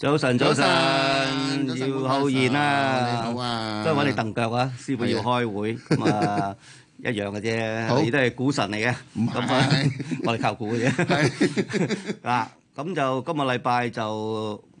早晨，早晨，姚晨浩然啊，好啊，都係揾你蹬腳啊，師傅要開會，一樣嘅啫，你 好都係股神嚟嘅，咁啊是， 我哋靠估嘅。 咁就今日禮拜就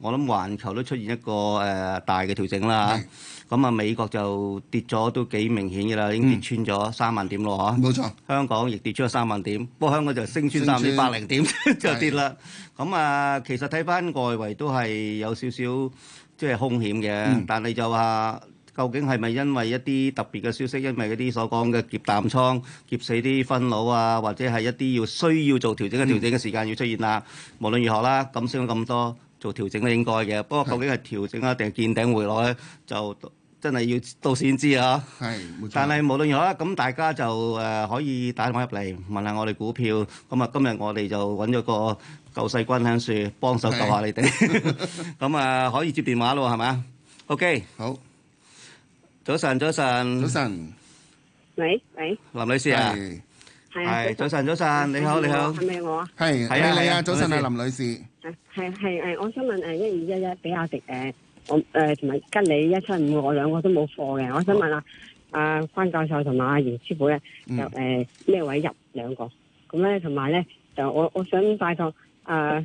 我諗環球都出現一個誒大嘅調整啦，咁啊美國就跌咗都幾明顯嘅啦，已經跌穿咗三萬點咯嚇。冇錯，香港亦跌穿三萬點，不過、嗯、香，香港就升穿三萬八零點穿 就跌啦了。咁啊的，其實睇翻外圍都係有少少即係風險嘅，嗯、但係就話。究竟係咪因為一啲特別嘅消息，因為嗰啲所講嘅劫淡倉、劫死啲分佬啊，或者係一啲要需要做調整嘅調整嘅時間要出現啊？無論如何啦，咁升咗咁多，做調整都應該嘅。不過究竟係調整啊，定係見頂回落咧，就真係要到時先知啊。係，但係無論如何啦，咁大家就誒可以打電話入嚟問下我哋股票。咁啊，今日我哋就揾咗個救世軍響樹幫手救下你哋。咁啊，可以接電話咯，係咪？OK，好。早晨，早晨，早晨。喂喂林女士啊，係係早晨，早晨，你好，你好，係咪我啊？係係啊，你啊，早晨啊，林女士。係係係，我想問誒，一二一一比亞迪誒，我誒同埋吉利一七五，我兩個都冇貨嘅，我想問啊，阿關教授同埋阿袁師傅咧，就誒咩位入兩個？咁咧同埋咧就我我想拜託誒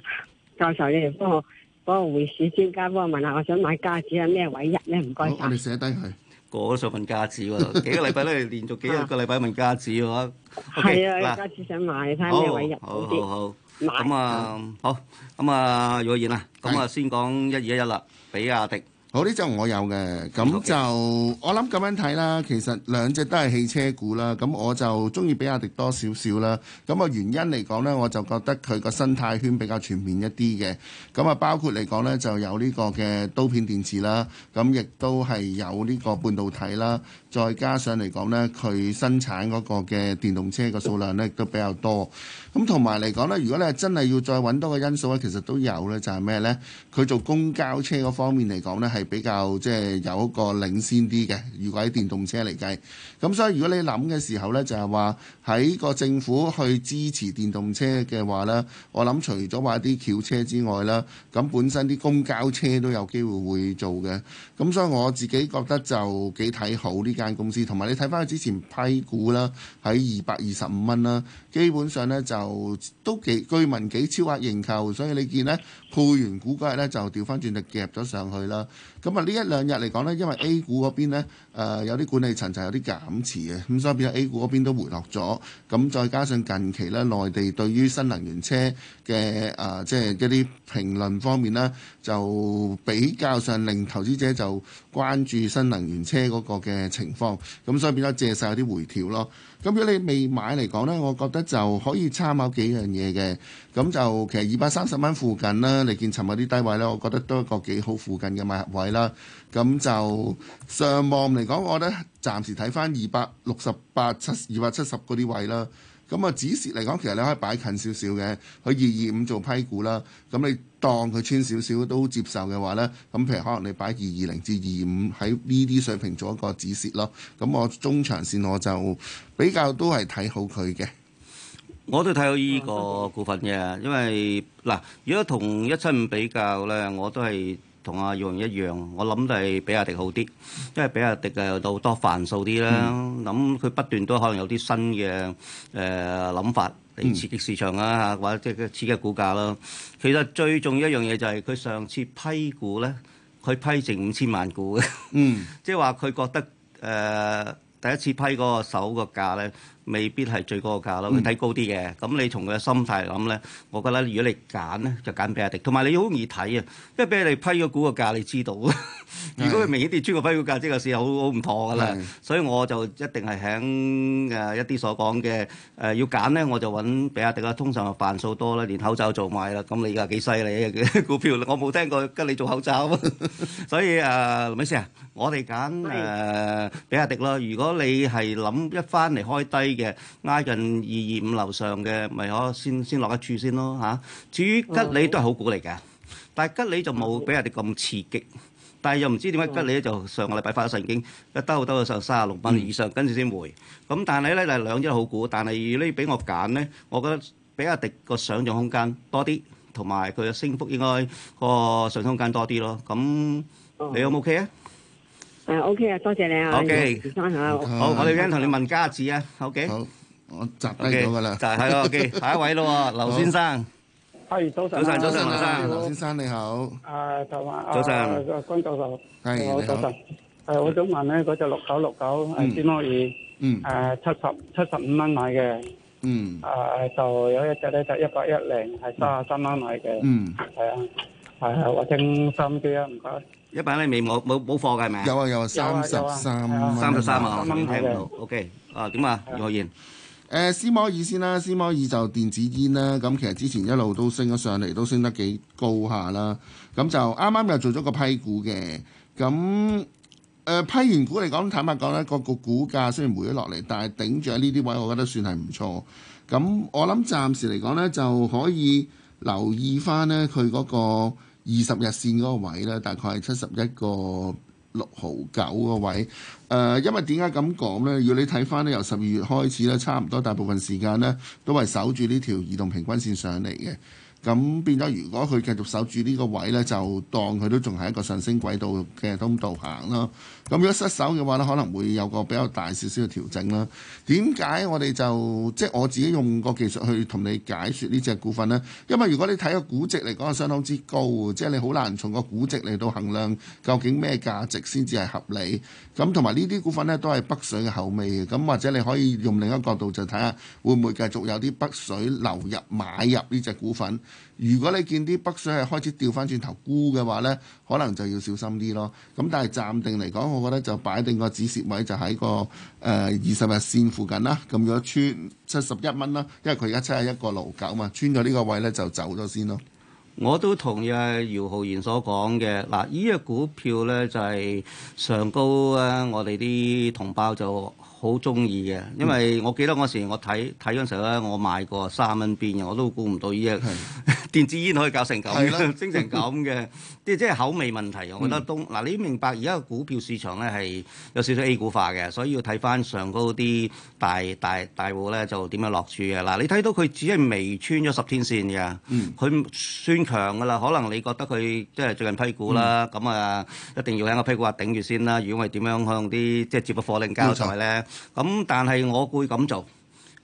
教授咧，幫我幫我匯市專家幫我問下，我想買家子啊咩位入咧？唔該。我哋寫低佢。過咗上問價子喎， 幾個禮拜咧，連續幾個個禮拜問價子喎。係啊，價子想買，睇呢位入好好好。咁啊好，咁啊如果然啊，咁啊，啊 先講一二一一啦，比亞迪。好啲就，這個，我有嘅，咁就 Okay. 我諗咁樣睇啦。其實兩隻都係汽車股啦，咁我就中意比亞迪多少少啦。咁啊原因嚟講咧，我就覺得佢個生態圈比較全面一啲嘅。咁啊包括嚟講咧，就有呢個嘅刀片電池啦，咁亦都係有呢個半導體啦，再加上嚟講咧，佢生產嗰個嘅電動車嘅數量咧都比較多。咁同埋嚟講咧，如果你真係要再揾多個因素咧，其實都有咧，就係咩咧？佢做公交車嗰方面嚟講咧，係。比較即係有一個領先啲嘅，如果喺電動車嚟計，咁所以如果你諗嘅時候呢，就係話喺個政府去支持電動車嘅話呢，我諗除咗話啲轎車之外啦，咁本身啲公交車都有機會會做嘅，咁所以我自己覺得就幾睇好呢間公司，同埋你睇翻佢之前批股啦，喺二百二十五蚊啦，基本上呢就都幾居民幾超額認購，所以你見呢，配完股嗰日咧就調翻轉就夾咗上去啦。咁啊，呢一兩日嚟講咧，因為 A 股嗰邊咧，誒有啲管理層就有啲減持嘅，咁所以變咗 A 股嗰邊都回落咗。咁再加上近期咧，內地對於新能源車嘅誒，即係一啲評論方面咧，就比較上令投資者就關注新能源車嗰個嘅情況。咁所以變咗借曬啲回調咯。咁如果你未買嚟講呢，我覺得就可以參考幾樣嘢嘅。咁就其實二百三十蚊附近啦，嚟見尋日啲低位呢，我覺得都一個幾好附近嘅買入位啦。咁就上望嚟講，我覺得暫時睇翻二百六十八七、二百七十嗰啲位啦。咁啊，止蝕嚟講，其實你可以擺近少少嘅，佢二二五做批股啦。咁你當佢穿少少都接受嘅話呢，咁譬如可能你擺二二零至二五喺呢啲水平做一個止蝕咯。咁我中長線我就比較都係睇好佢嘅。我都睇好呢個股份嘅，因為嗱，如果同一七五比較呢，我都係。同阿耀一樣，我諗都係比亞迪好啲，因為比亞迪又到多範數啲啦。諗佢、嗯、不斷都可能有啲新嘅誒諗法嚟刺激市場啦，嚇、嗯、或者嘅刺激股價咯。其實最重要一樣嘢就係佢上次批股咧，佢批成五千萬股嘅，即係話佢覺得誒、呃、第一次批嗰個首個價咧。未必係最高個價咯，佢睇高啲嘅。咁你從佢嘅心態嚟諗咧，我覺得如果你揀咧，就揀比亞迪。同埋你好易睇啊，因為比亞迪批個股個價你知道。如果佢明顯跌穿個批個價，即係個市好好唔妥噶啦。所以我就一定係喺誒一啲所講嘅誒要揀咧，我就揾比亞迪啦。通常係範數多啦，連口罩做埋啦。咁你而家幾犀利嘅股票啦？我冇聽過跟你做口罩。所以誒，咪先啊，我哋揀誒比亞迪咯。如果你係諗一翻嚟開低。嘅挨近二二五樓上嘅，咪可先先落一處先咯嚇。至於吉利都係好股嚟嘅，但係吉利就冇比亞迪咁刺激。但係又唔知點解吉利咧就上個禮拜發咗神經，一兜兜到上三十六蚊以上，跟住先回。咁但係你咧就兩隻好股，但係如果你俾我揀咧，我覺得比亞迪個想像空間多啲，同埋佢嘅升幅應該個上空間多啲咯。咁你 OK 唔 OK 啊？誒，OK 啊，多謝你啊，好，翻下，好，我哋陣間同你問家子啊，OK，好，我集低到噶啦，就係 OK，下一位咯，劉先生，係，早晨，早晨，早晨，劉先生你好，誒，早晨，早晨，江教授，係，早晨，誒，我想問咧，嗰隻六九六九係思摩爾，嗯，誒，七十，七十五蚊買嘅，嗯，誒，就有一隻咧就一百一零，係三十三蚊買嘅，嗯，係啊，係啊，我聽三 G 啊，唔該。一百粒未，冇冇冇貨嘅係咪？有啊有啊，三十三蚊，三十三啊，睇唔到。OK，啊點啊？葉浩然，斯摩爾先啦，斯摩爾就電子煙啦。咁其實之前一路都升咗上嚟，都升得幾高下啦。咁就啱啱又做咗個批股嘅。咁誒、呃、批完股嚟講，坦白講咧，個、那個股價雖然回咗落嚟，但係頂住喺呢啲位，我覺得算係唔錯。咁我諗暫時嚟講咧，就可以留意翻咧佢嗰個二十日線嗰個位咧，大概係七十一個六毫九個位。誒、呃，因為點解咁講呢？如果你睇翻呢，由十二月開始呢，差唔多大部分時間呢，都係守住呢條移動平均線上嚟嘅。咁變咗，如果佢繼續守住呢個位呢，就當佢都仲係一個上升軌道嘅通道行啦。咁如果失守嘅話咧，可能會有個比較大少少嘅調整啦。點解我哋就即係我自己用個技術去同你解說呢隻股份呢？因為如果你睇個估值嚟講，係相當之高，即係你好難從個估值嚟到衡量究竟咩價值先至係合理。咁同埋呢啲股份呢，都係北水嘅後味。咁或者你可以用另一個角度就睇下會唔會繼續有啲北水流入買入呢隻股份。如果你見啲北水係開始掉翻轉頭沽嘅話咧，可能就要小心啲咯。咁但係暫定嚟講，我覺得就擺定個止蝕位就喺個誒二十日線附近啦。咁如果穿七十一蚊啦，因為佢而家七十一個六九嘛，穿咗呢個位咧就走咗先咯。我都同意阿姚浩然所講嘅嗱，依隻、這個、股票咧就係、是、上高啊！我哋啲同胞就～好中意嘅，因為我記得嗰時我睇睇嗰陣時咧，我買過卅蚊邊嘅，我都估唔到呢一電子煙可以搞成咁嘅，升成咁嘅，即係即係口味問題。我覺得都嗱，你明白而家個股票市場咧係有少少 A 股化嘅，所以要睇翻上高啲大大大戶咧，就點樣落注嘅。嗱，你睇到佢只係微穿咗十天線嘅，佢算強噶啦。可能你覺得佢即係最近批股啦，咁啊一定要喺個批股下頂住先啦。如果我哋點樣可用啲即係接個貨令膠台咧？咁但係我會咁做，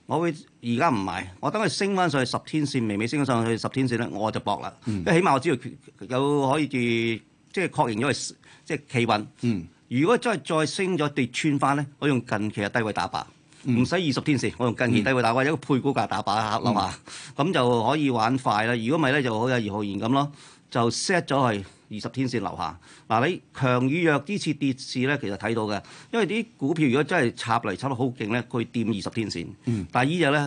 我會而家唔係，我等佢升翻上去十天線，微微升咗上去十天線咧，我就搏啦，嗯、因為起碼我知道有可以住即係確認咗，即係企穩。嗯、如果真係再再升咗跌穿翻咧，我用近期嘅低位打靶，唔使二十天線，我用近期低位打靶，嗯、一個配股價打靶啦嘛，咁、嗯嗯、就可以玩快啦。如果唔係咧，就好有二號言咁咯。就 set 咗係二十天線樓下嗱、啊，你強與弱呢次跌市咧，其實睇到嘅，因為啲股票如果真係插嚟插得好勁咧，佢掂二十天線，嗯、但係呢隻咧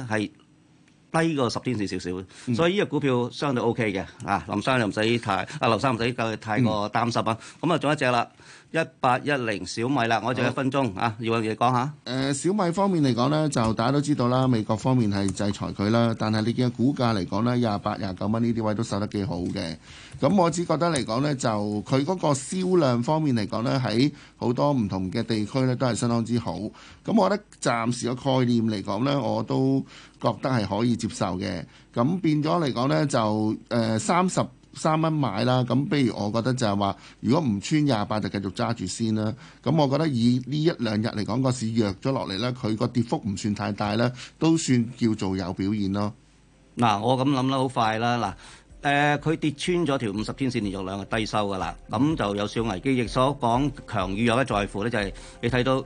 係低過十天線少少，嗯、所以呢隻股票相對 O K 嘅啊，林生又唔使太，阿、啊、劉生唔使太過擔心、嗯、啊，咁啊，仲有一隻啦。一八一零小米啦，我仲有一分鐘好啊，余永傑講下。誒、呃、小米方面嚟講呢，就大家都知道啦，美國方面係制裁佢啦，但係你見股價嚟講呢，廿八、廿九蚊呢啲位都受得幾好嘅。咁我只覺得嚟講呢，就佢嗰個銷量方面嚟講呢，喺好多唔同嘅地區呢，都係相當之好。咁我覺得暫時個概念嚟講呢，我都覺得係可以接受嘅。咁變咗嚟講呢，就誒三十，呃三蚊買啦，咁不如我覺得就係話，如果唔穿廿八就繼續揸住先啦。咁我覺得以呢一兩日嚟講，個市弱咗落嚟咧，佢個跌幅唔算太大咧，都算叫做有表現咯。嗱、啊，我咁諗得好快啦。嗱、啊，誒、呃，佢跌穿咗條五十天線，連續兩個低收噶啦，咁就有少危機。亦所講強於有得在乎咧，就係你睇到。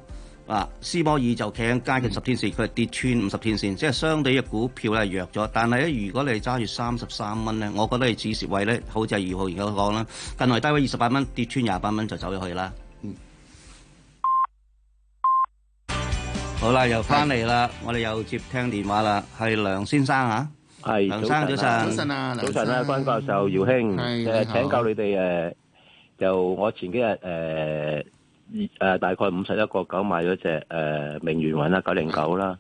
啊，斯波爾就企緊街近十天線，佢係跌穿五十天線，即係相對嘅股票咧弱咗。但係咧，如果你揸住三十三蚊咧，我覺得係止蝕位咧，好似係二號而家講啦，近來低位二十八蚊跌穿廿八蚊就走咗去啦。嗯，好啦，又翻嚟啦，是我哋又接聽電話啦，係梁先生嚇，係、啊啊啊，梁生早晨，早晨啊，早晨啊，關教授、姚兄，誒請教你哋誒，就、呃、我前幾日誒。呃誒、呃、大概五十一個九買咗隻誒明源雲啦，九零九啦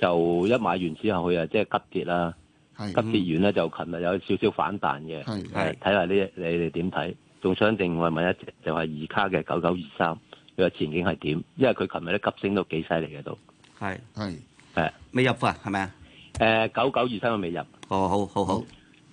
，9, 的就一買完之後佢啊即係急跌啦，的急跌完咧就琴日有少少反彈嘅，係睇下呢，你哋點睇？仲想定我問一隻，就係、是、二卡嘅九九二三，佢個前景係點？因為佢琴日咧急升到幾犀利嘅都係係誒未入啊，係咪啊？誒九九二三我未入，哦好好好。好好好好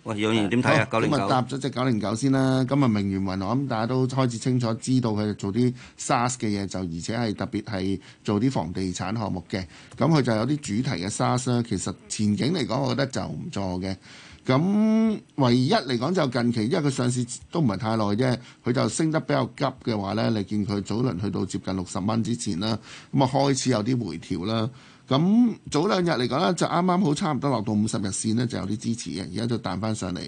喂，有賢點睇啊？咁啊，搭咗隻九零九先啦。咁啊，明源雲，我諗大家都開始清楚知道佢做啲 SaaS 嘅嘢，就而且係特別係做啲房地產項目嘅。咁佢就有啲主題嘅 SaaS 啦。其實前景嚟講，我覺得就唔錯嘅。咁唯一嚟講就近期，因為佢上市都唔係太耐啫，佢就升得比較急嘅話呢，你見佢早輪去到接近六十蚊之前啦，咁啊開始有啲回調啦。咁早兩日嚟講咧，就啱啱好差唔多落到五十日線咧，就有啲支持嘅。而家就彈翻上嚟。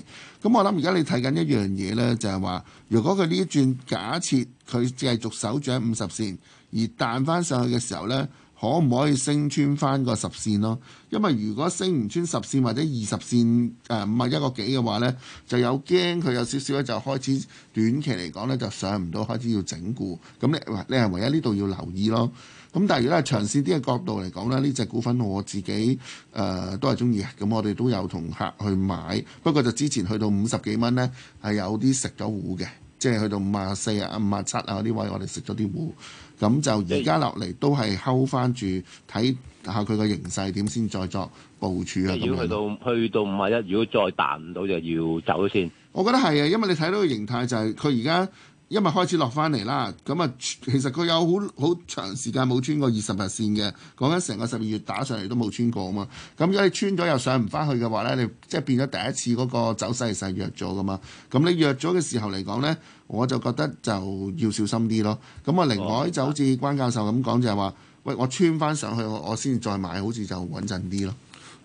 咁我諗而家你睇緊一樣嘢咧，就係話，如果佢呢一轉，假設佢繼續守住喺五十線，而彈翻上去嘅時候咧，可唔可以升穿翻個十線咯？因為如果升唔穿十線或者二十線誒五啊一個幾嘅話咧，就有驚佢有少少咧就開始短期嚟講咧就上唔到，開始要整固。咁你你係唯一呢度要留意咯。咁但係如果係長線啲嘅角度嚟講咧，呢、這、隻、個、股份我自己誒、呃、都係中意嘅。咁我哋都有同客去買，不過就之前去到五十幾蚊咧係有啲食咗糊嘅，即係去到五啊四啊、五啊七啊嗰啲位我，我哋食咗啲糊。咁就而家落嚟都係睺翻住睇下佢個形勢點先，再作部署啊咁樣。如果去到去到五啊一，如果再彈唔到就要走先。我覺得係啊，因為你睇到個形態就係佢而家。因為開始落翻嚟啦，咁啊其實佢有好好長時間冇穿過二十日線嘅，講緊成個十二月打上嚟都冇穿過啊嘛。咁如果你穿咗又上唔翻去嘅話呢，你即係變咗第一次嗰個走勢係弱咗噶嘛。咁你弱咗嘅時候嚟講呢，我就覺得就要小心啲咯。咁啊另外就好似關教授咁講就係話，喂，我穿翻上去我先再買，好似就穩陣啲咯。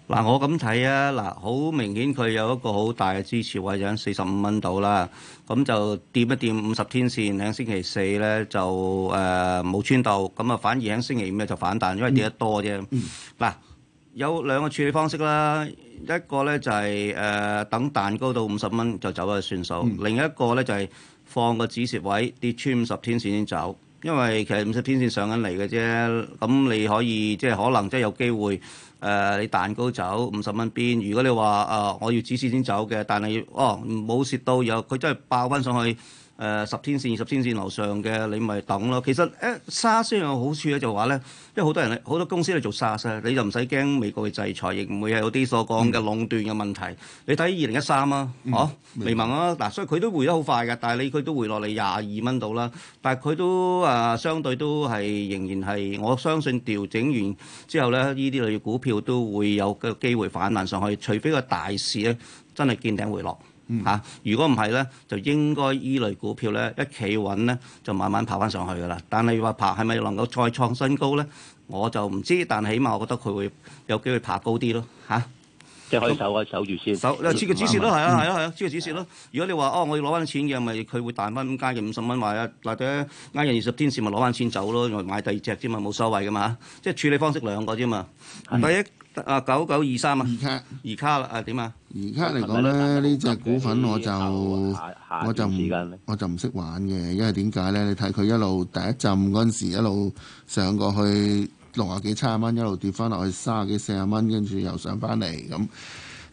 嗱，我咁睇啊！嗱，好明顯佢有一個好大嘅支持位就喺四十五蚊度啦。咁就掂一掂五十天線，喺星期四咧就誒冇穿到，咁啊反而喺星期五咧就反彈，因為跌得多啫。嗱，有兩個處理方式啦，一個咧就係誒等彈高到五十蚊就走嘅算數，另一個咧就係放個止蝕位跌穿五十天線先走，因為其實五十天線上緊嚟嘅啫。咁你可以即係可能即係有機會。誒、呃，你蛋糕走五十蚊邊，如果你話啊、呃，我要指示先走嘅，但係哦，冇蝕到又佢真係爆返上去。誒、呃、十天線、二十天線樓上嘅你咪等咯。其實誒、欸、沙先有好處咧，就話咧，因為好多人好多公司咧做沙啊，你就唔使驚美國嘅制裁，亦唔會係有啲所講嘅壟斷嘅問題。嗯、你睇二零一三啊，嚇、嗯，聯、啊、盟啊，嗱、嗯，所以佢都回得好快㗎。但係你佢都回落嚟廿二蚊度啦。但係佢都啊，相對都係仍然係我相信調整完之後咧，呢啲類股票都會有個機會反彈上去，除非個大市咧真係見頂回落。嚇！如果唔係咧，就應該依類股票咧一企穩咧，就慢慢爬翻上去噶啦。但係話爬係咪能夠再創新高咧？我就唔知，但起碼我覺得佢會有機會爬高啲咯。嚇！即係可以守可以守住先。守你接個指示咯，係啊係啊係啊，接個指示咯。如果你話哦，我要攞翻錢嘅，咪佢會彈翻咁加嘅五十蚊，話啊或者挨近二十天線咪攞翻錢走咯，再買第二隻啫嘛，冇所謂噶嘛。即係處理方式兩個啫嘛。第一啊，九九二三啊，二卡二卡啦啊，點啊？而家嚟講咧，呢隻、嗯、股份我就我就唔我就唔識玩嘅，因為點解咧？你睇佢一路第一浸嗰陣時一路上過去六十幾七十蚊，一路跌翻落去三十幾四十蚊，跟住又上翻嚟咁。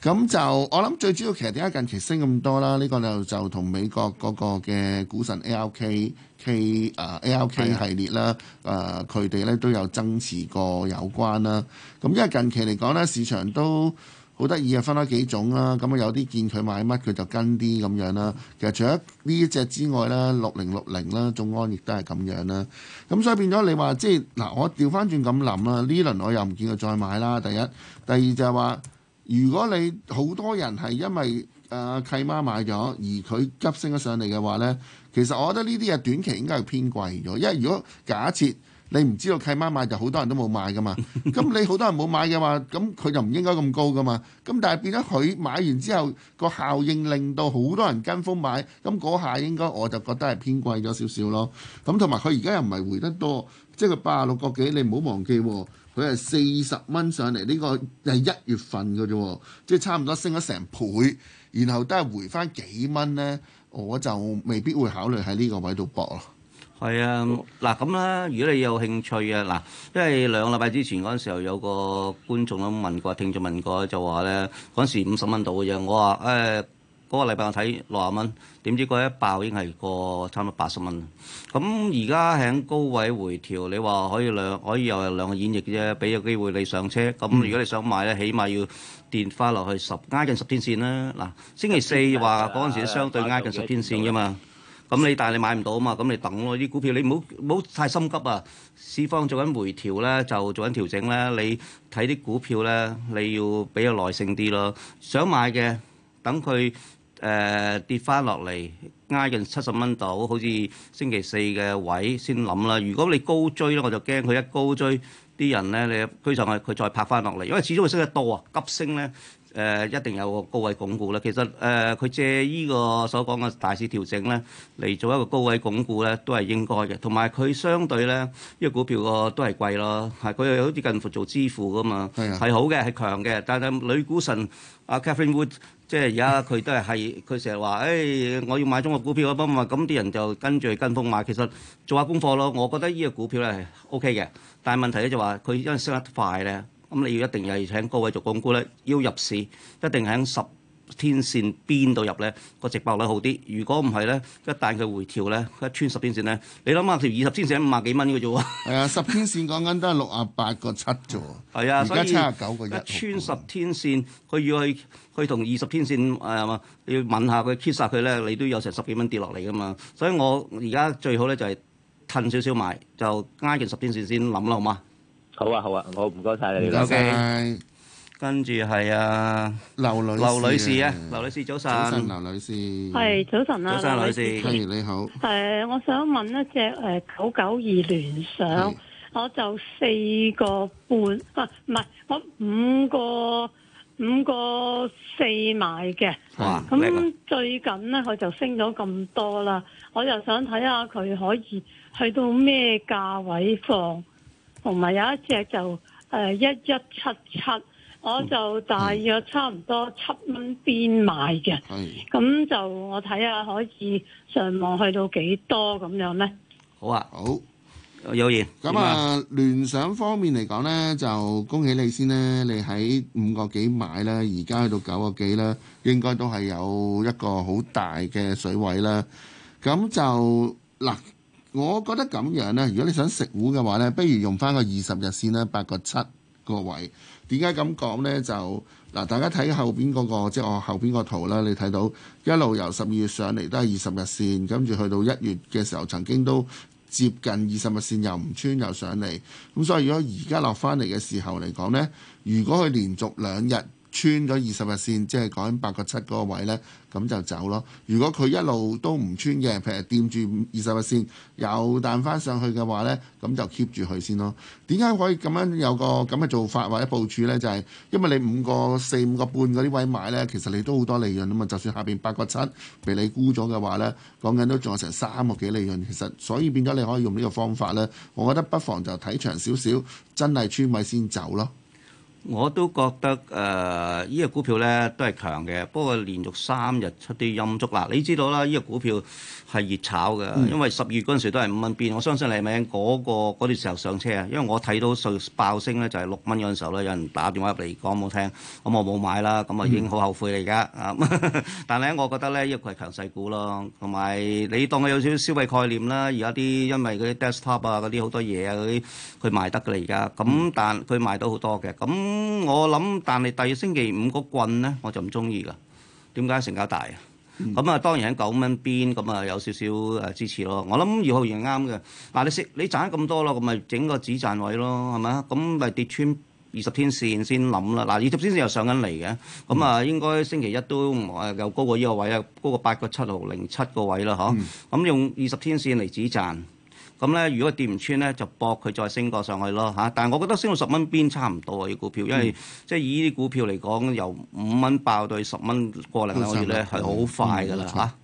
咁就我諗最主要其實點解近期升咁多啦？呢、這個就就同美國嗰個嘅股神 ALK K 啊、uh, ALK、嗯、系列啦，誒佢哋咧都有增持過有關啦。咁因為近期嚟講咧，市場都～好得意啊，分開幾種啦，咁啊有啲見佢買乜佢就跟啲咁樣啦。其實除咗呢一隻之外咧，六零六零啦，眾安亦都係咁樣啦。咁所以變咗你話即係嗱，我調翻轉咁諗啦，呢輪我又唔見佢再買啦。第一，第二就係話，如果你好多人係因為阿、呃、契媽買咗而佢急升咗上嚟嘅話咧，其實我覺得呢啲嘢短期應該係偏貴咗，因為如果假設。你唔知道契媽買就好多人都冇買噶嘛，咁 你好多人冇買嘅話，咁佢就唔應該咁高噶嘛。咁但係變咗佢買完之後個效應令到好多人跟風買，咁嗰下應該我就覺得係偏貴咗少少咯。咁同埋佢而家又唔係回得多，即係佢八十六個幾，你唔好忘記，佢係四十蚊上嚟呢個係一月份嘅啫，即係差唔多升咗成倍，然後都係回翻幾蚊呢，我就未必會考慮喺呢個位度搏咯。係啊，嗱咁啦，如果你有興趣啊，嗱，因為兩個禮拜之前嗰陣時候有個觀眾都問過，聽眾問過就話咧，嗰陣時五十蚊到嘅啫，我話誒嗰個禮拜我睇六啊蚊，點知嗰一爆已經係過差唔多八十蚊，咁而家喺高位回調，你話可以兩可以又係兩個演繹啫，俾個機會你上車，咁、嗯、如果你想買咧，起碼要跌翻落去十挨近十天線啦，嗱，星期四話嗰陣時相對挨近十天線㗎嘛。咁你但係你買唔到啊嘛，咁你等咯。啲股票你唔好唔好太心急啊。市況做緊回調咧，就做緊調整咧。你睇啲股票咧，你要比較耐性啲咯。想買嘅等佢誒跌翻落嚟，挨近七十蚊度，好似星期四嘅位先諗啦。如果你高追咧，我就驚佢一高追啲人咧，你推上去，佢再拍翻落嚟，因為始終會升得多啊，急升咧。誒、呃、一定有個高位鞏固啦。其實誒佢、呃、借呢個所講嘅大市調整咧，嚟做一個高位鞏固咧，都係應該嘅。同埋佢相對咧，呢、這個股票個都係貴咯。係佢又有啲近乎做支付㗎嘛，係是的 好嘅，係強嘅。但係女股神阿 Catherine、 啊、Wood 即係而家佢都係係佢成日話：誒、哎、我要買中國股票啊！咁啊咁啲人就跟住跟風買。其實做下功課咯。我覺得呢個股票咧係 OK 嘅，但係問題咧就話佢因為升得快咧。呢咁、嗯、你要一定係請高位做講估咧，要入市一定喺十天線邊度入咧個值博率好啲。如果唔係咧，一旦佢回調咧，佢一穿十天線咧，你諗下條二十天線五廿幾蚊嘅啫喎。係啊， 十天線講緊都係六啊八個七啫喎。係啊，而家七廿九個一。一穿十天線，佢要去去同二十天線你、呃、要問下佢 kiss 下佢咧，你都有成十幾蚊跌落嚟噶嘛。所以我而家最好咧就係褪少少埋，就挨、是、住十天線先諗啦，好嘛？好啊好啊，我唔該晒你，早晒。跟住，係啊，劉女劉女士啊，劉女士早晨。早晨劉女士，係早晨啊，劉女士，歡迎你好。誒，我想問一隻誒九九二聯想，我就四個半啊，唔係我五個五個四買嘅。哇！咁最近咧，佢就升咗咁多啦，我就想睇下佢可以去到咩價位放。同埋有一隻就誒一一七七，我就大約差唔多七蚊邊買嘅，咁就我睇下可以上網去到幾多咁樣咧？好啊，好有嘢。咁啊，聯想方面嚟講咧，就恭喜你先咧，你喺五個幾買啦，而家去到九個幾啦，應該都係有一個好大嘅水位啦。咁就嗱。我覺得咁樣呢，如果你想食糊嘅話呢，不如用翻個二十日線啦，八個七個位。點解咁講呢？就嗱，大家睇後邊嗰個即係我後邊個圖啦，你睇到一路由十二月上嚟都係二十日線，跟住去到一月嘅時候曾經都接近二十日線又，又唔穿又上嚟。咁所以如果而家落翻嚟嘅時候嚟講呢，如果佢連續兩日，穿咗二十日線，即係講緊八個七嗰個位呢，咁就走咯。如果佢一路都唔穿嘅，譬如掂住二十日線又彈翻上去嘅話呢，咁就 keep 住佢先咯。點解可以咁樣有個咁嘅做法或者部署呢，就係因為你五個四、五個半嗰啲位買呢，其實你都好多利潤啊嘛。就算下邊八個七被你沽咗嘅話呢，講緊都仲有成三個幾利潤。其實所以變咗你可以用呢個方法呢，我覺得不妨就睇長少少，真係穿位先走咯。我都覺得誒，依個股票咧都係強嘅。不過連續三日出啲陰燭啦，你知道啦，依個股票係熱炒嘅，因為十二月嗰陣時都係五蚊變。我相信你咪嗰個嗰段時候上車啊，因為我睇到數爆升咧就係六蚊嗰陣時候咧，有人打電話入嚟講冇聽，咁我冇買啦，咁啊已經好後悔嚟噶。而家啊，但係咧，我覺得咧依個係強勢股咯，同埋你當佢有少少消費概念啦，而家啲因為嗰啲 desktop 啊嗰啲好多嘢啊嗰啲，佢賣得㗎啦而家。咁但佢賣到好多嘅，咁。咁我諗，但係第二星期五個棍咧，我就唔中意噶。點解成交大啊？咁啊，當然喺九蚊邊，咁啊有少少誒支持咯。我諗二號型啱嘅。嗱，你食你賺咁多咯，咁咪整個止賺位咯，係咪啊？咁咪跌穿二十天線先諗啦。嗱，二十天線又上緊嚟嘅，咁啊應該星期一都誒又高過呢個位啊，高過八個七毫零七個位啦，嚇。咁用二十天線嚟止賺。咁咧，如果跌唔穿咧，就搏佢再升過上去咯嚇。但係我覺得升到十蚊邊差唔多啊，啲股票，因為、嗯、即係以呢啲股票嚟講，由五蚊爆到去十蚊，過零兩個月咧係好快㗎啦嚇。嗯啊。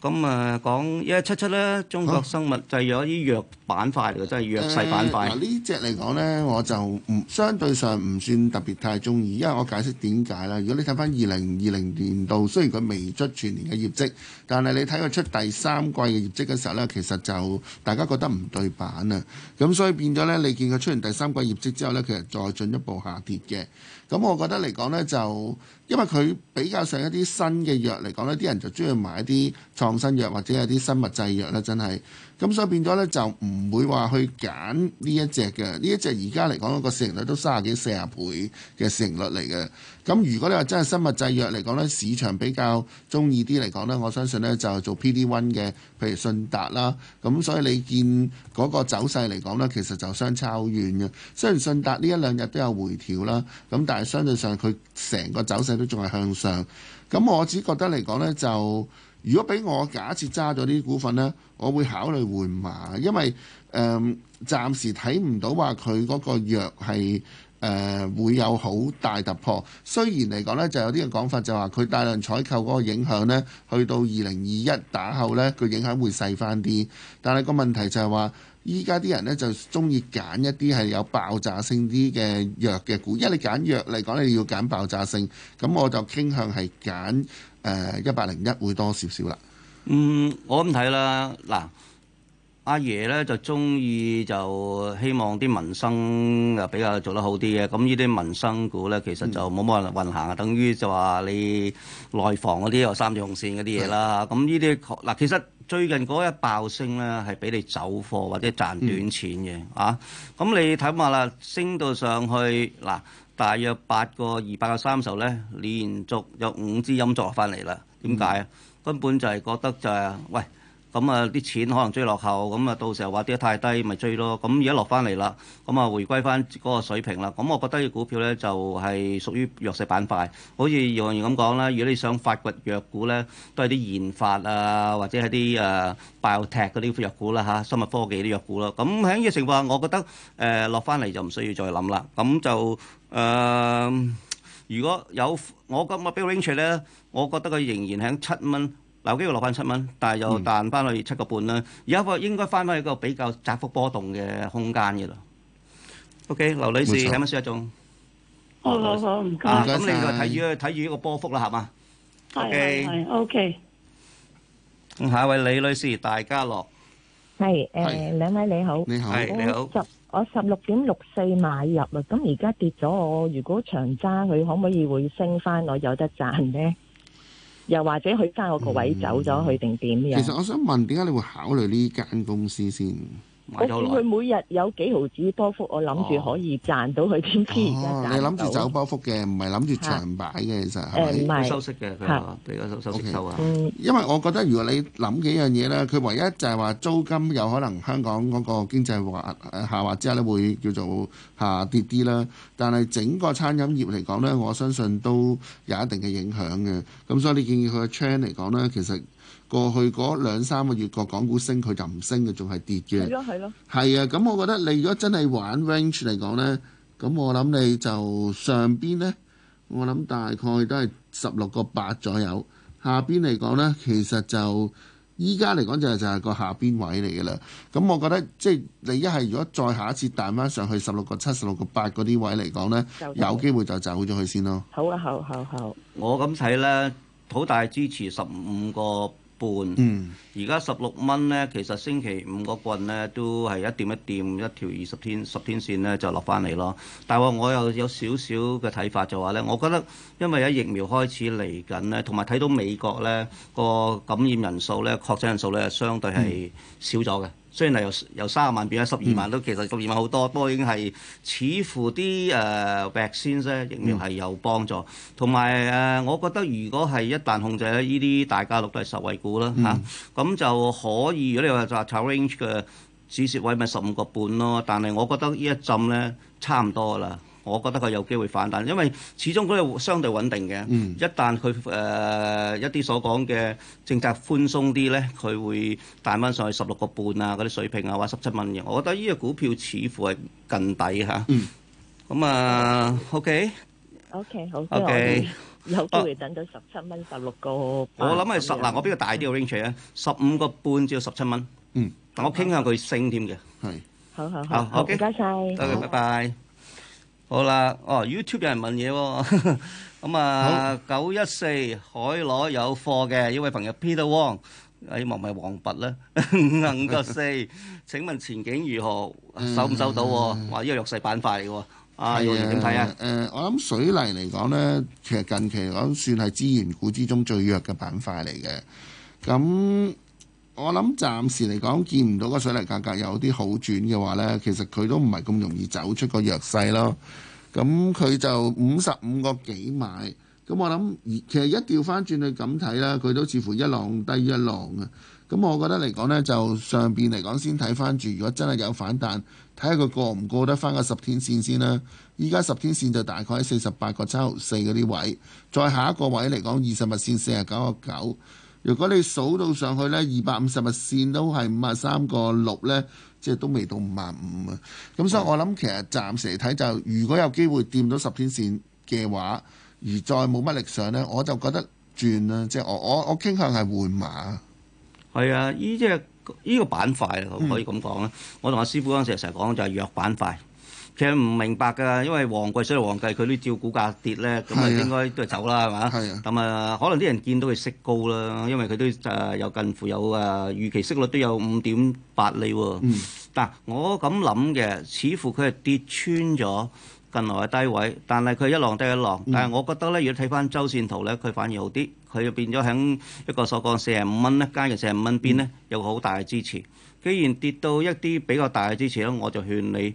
咁誒、嗯、講一一七七咧，中國生物製藥就係有啲藥板塊嚟嘅，都係弱勢板塊。呢隻嚟講咧，我就唔相對上唔算特別太中意，因為我解釋點解啦。如果你睇翻二零二零年度，雖然佢未出全年嘅業績，但係你睇佢出第三季嘅業績嘅時候咧，其實就大家覺得唔對版啊。咁所以變咗咧，你見佢出完第三季業績之後咧，其實再進一步下跌嘅。咁我覺得嚟講咧，就因為佢比較上一啲新嘅藥嚟講咧，啲人就中意買一啲創新藥或者有啲生物製藥咧，真係。咁所以變咗咧就唔會話去揀呢一隻嘅，呢一隻而家嚟講嗰個市盈率都三十幾四十倍嘅市盈率嚟嘅。咁如果你話真係生物製藥嚟講呢，市場比較中意啲嚟講呢，我相信呢，就做 PD1 嘅，譬如信達啦。咁所以你見嗰個走勢嚟講呢，其實就相差好遠嘅。雖然信達呢一兩日都有回調啦，咁但係相對上佢成個走勢都仲係向上。咁我只覺得嚟講呢，就。如果俾我假設揸咗啲股份呢，我會考慮換馬，因為誒、呃、暫時睇唔到話佢嗰個藥係誒、呃、會有好大突破。雖然嚟講呢，就有啲人講法就話佢大量採購嗰個影響呢，去到二零二一打後呢，佢影響會細返啲。但係個問題就係話，依家啲人呢，就鍾意揀一啲係有爆炸性啲嘅藥嘅股，因為你揀藥嚟講，你要揀爆炸性，咁我就傾向係揀。誒一百零一會多少少啦。嗯，我咁睇啦。嗱，阿爺咧就中意就希望啲民生啊比較做得好啲嘅。咁呢啲民生股咧，其實就冇乜人運行啊。等於就話你內房嗰啲有三條紅線嗰啲嘢啦。咁呢啲嗱，其實最近嗰一爆升咧，係俾你走貨或者賺短錢嘅啊。咁你睇下啦，升到上去嗱。大約八個、二百三十候咧，連續有五支陰燭翻嚟啦。點解啊？嗯、根本就係覺得就係、是、喂。咁啊，啲錢可能追落後，咁啊，到時候話跌得太低，咪追咯。咁而家落翻嚟啦，咁啊，回歸翻嗰個水平啦。咁我覺得啲股票咧就係、是、屬於弱勢板塊。好似葉宏咁講啦，如果你想發掘藥股咧，都係啲研發啊，或者係啲誒爆踢嗰啲藥股啦、啊、嚇，生物科技啲藥股啦、啊。咁喺呢個情況下，我覺得誒落翻嚟就唔需要再諗啦。咁就誒、呃，如果有我今日俾個 range 咧，我覺得佢仍然喺七蚊。手機要落翻七蚊，但係又彈翻去七個半啦。而家應該翻翻去一個比較窄幅波動嘅空間嘅啦。O.K.，劉女士，係乜事啊？總，好好好，唔該。唔該。咁你又睇住睇住呢個波幅啦，係嘛？係係。O.K.，下一位李女士，大家樂。係誒，兩位你好。你好，你好。十我十六點六四買入啊，咁而家跌咗。我如果長揸佢，可唔可以會升翻？我有得賺呢？又或者佢爭我個位走咗，佢定點樣？其實我想問，點解你會考慮呢間公司先？我見佢每日有幾毫子波幅，我諗住可以賺到佢啲錢。而家賺，你諗住走波幅嘅，唔係諗住長擺嘅，其實。誒唔係收息嘅，比較收收息收啊。因為我覺得如果你諗幾樣嘢咧，佢唯一就係話租金有可能香港嗰個經濟滑誒下滑之下咧，會叫做下跌啲啦。但係整個餐飲業嚟講咧，我相信都有一定嘅影響嘅。咁所以你建議佢嘅 trend 嚟講咧，其實。過去嗰兩三個月個港股升，佢就唔升嘅，仲係跌嘅。係咯，係咯。係啊，咁我覺得你如果真係玩 range 嚟講呢，咁我諗你就上邊呢，我諗大概都係十六個八左右。下邊嚟講呢，其實就依家嚟講就係、是、就係、是、個下邊位嚟嘅啦。咁我覺得即係、就是、你一係如果再下一次彈翻上去十六個七、十六個八嗰啲位嚟講呢，有機會就走咗佢先咯。好啊，好啊，好啊，好。我咁睇呢，好大支持十五個半，而家十六蚊咧，其實星期五個棍咧都係一掂一掂，一條二十天十天線咧就落翻嚟咯。但係我又有少少嘅睇法就話咧，我覺得因為喺疫苗開始嚟緊咧，同埋睇到美國咧個感染人數咧、確診人數咧相對係少咗嘅。嗯雖然係由由三十萬變咗十二萬，嗯、都其實十二萬好多，都、嗯、已經係似乎啲誒 vaccine 咧仍然係有幫助。同埋誒，我覺得如果係一旦控制咧，依啲大家落都係實惠股啦嚇。咁、啊嗯、就可以，如果你話就 range 嘅止蝕位咪十五個半咯。但係我覺得一呢一浸咧差唔多啦。我覺得佢有機會反彈，因為始終都係相對穩定嘅。一旦佢誒一啲所講嘅政策寬鬆啲咧，佢會彈翻上去十六個半啊嗰啲水平啊，或者十七蚊嘅。我覺得呢個股票似乎係近底嚇。咁啊，OK，OK，好，OK，有機會等到十七蚊十六個半。我諗係十嗱，我邊個大啲啊？range 啊，十五個半至到十七蚊。嗯，我傾向佢升添嘅，係。好好好，唔該曬，拜拜。好啦，哦，YouTube 有人問嘢喎，咁啊九一四海螺有貨嘅一位朋友 Peter Wong，希望唔係黃拔咧？五五個四，請問前景如何？收唔收到？話呢個弱勢板塊嚟嘅喎，阿楊怡點睇啊？我諗水泥嚟講咧，其實近期嚟講算係資源股之中最弱嘅板塊嚟嘅，咁。我諗暫時嚟講，見唔到個水泥價格，格有啲好轉嘅話呢，其實佢都唔係咁容易走出個弱勢咯。咁、嗯、佢就五十五個幾買，咁、嗯、我諗其實一調翻轉去咁睇啦，佢都似乎一浪低一浪啊。咁、嗯、我覺得嚟講呢，就上邊嚟講先睇翻住，如果真係有反彈，睇下佢過唔過得翻個十天線先啦，啊。依家十天線就大概喺四十八個七毫四嗰啲位，再下一個位嚟講二十日線四啊九個九。如果你數到上去呢，二百五十日線都係五十三個六呢，即係都未到五萬五啊！咁所以我諗其實暫時嚟睇就，如果有機會掂到十天線嘅話，而再冇乜力上呢，我就覺得轉啦。即係我我我傾向係換馬。係啊，呢即係呢個板塊可唔可以咁講啦。嗯、我同阿師傅嗰陣時成日講就係、是、弱板塊。其實唔明白㗎，因為旺季，所以旺季佢都照股價跌咧，咁啊應該都係走啦，係嘛、啊？咁啊吧、呃，可能啲人見到佢息高啦，因為佢都誒有、呃、近乎有誒預期息率都有五點八厘喎、哦。嗱、嗯，但我咁諗嘅，似乎佢係跌穿咗近來嘅低位，但係佢一浪低一浪。嗯、但係我覺得咧，如果睇翻周線圖咧，佢反而好啲，佢變咗喺一個所講四十五蚊一加嘅四十五蚊邊咧有好大嘅支持。既然跌到一啲比較大嘅支持咧，我就勸你。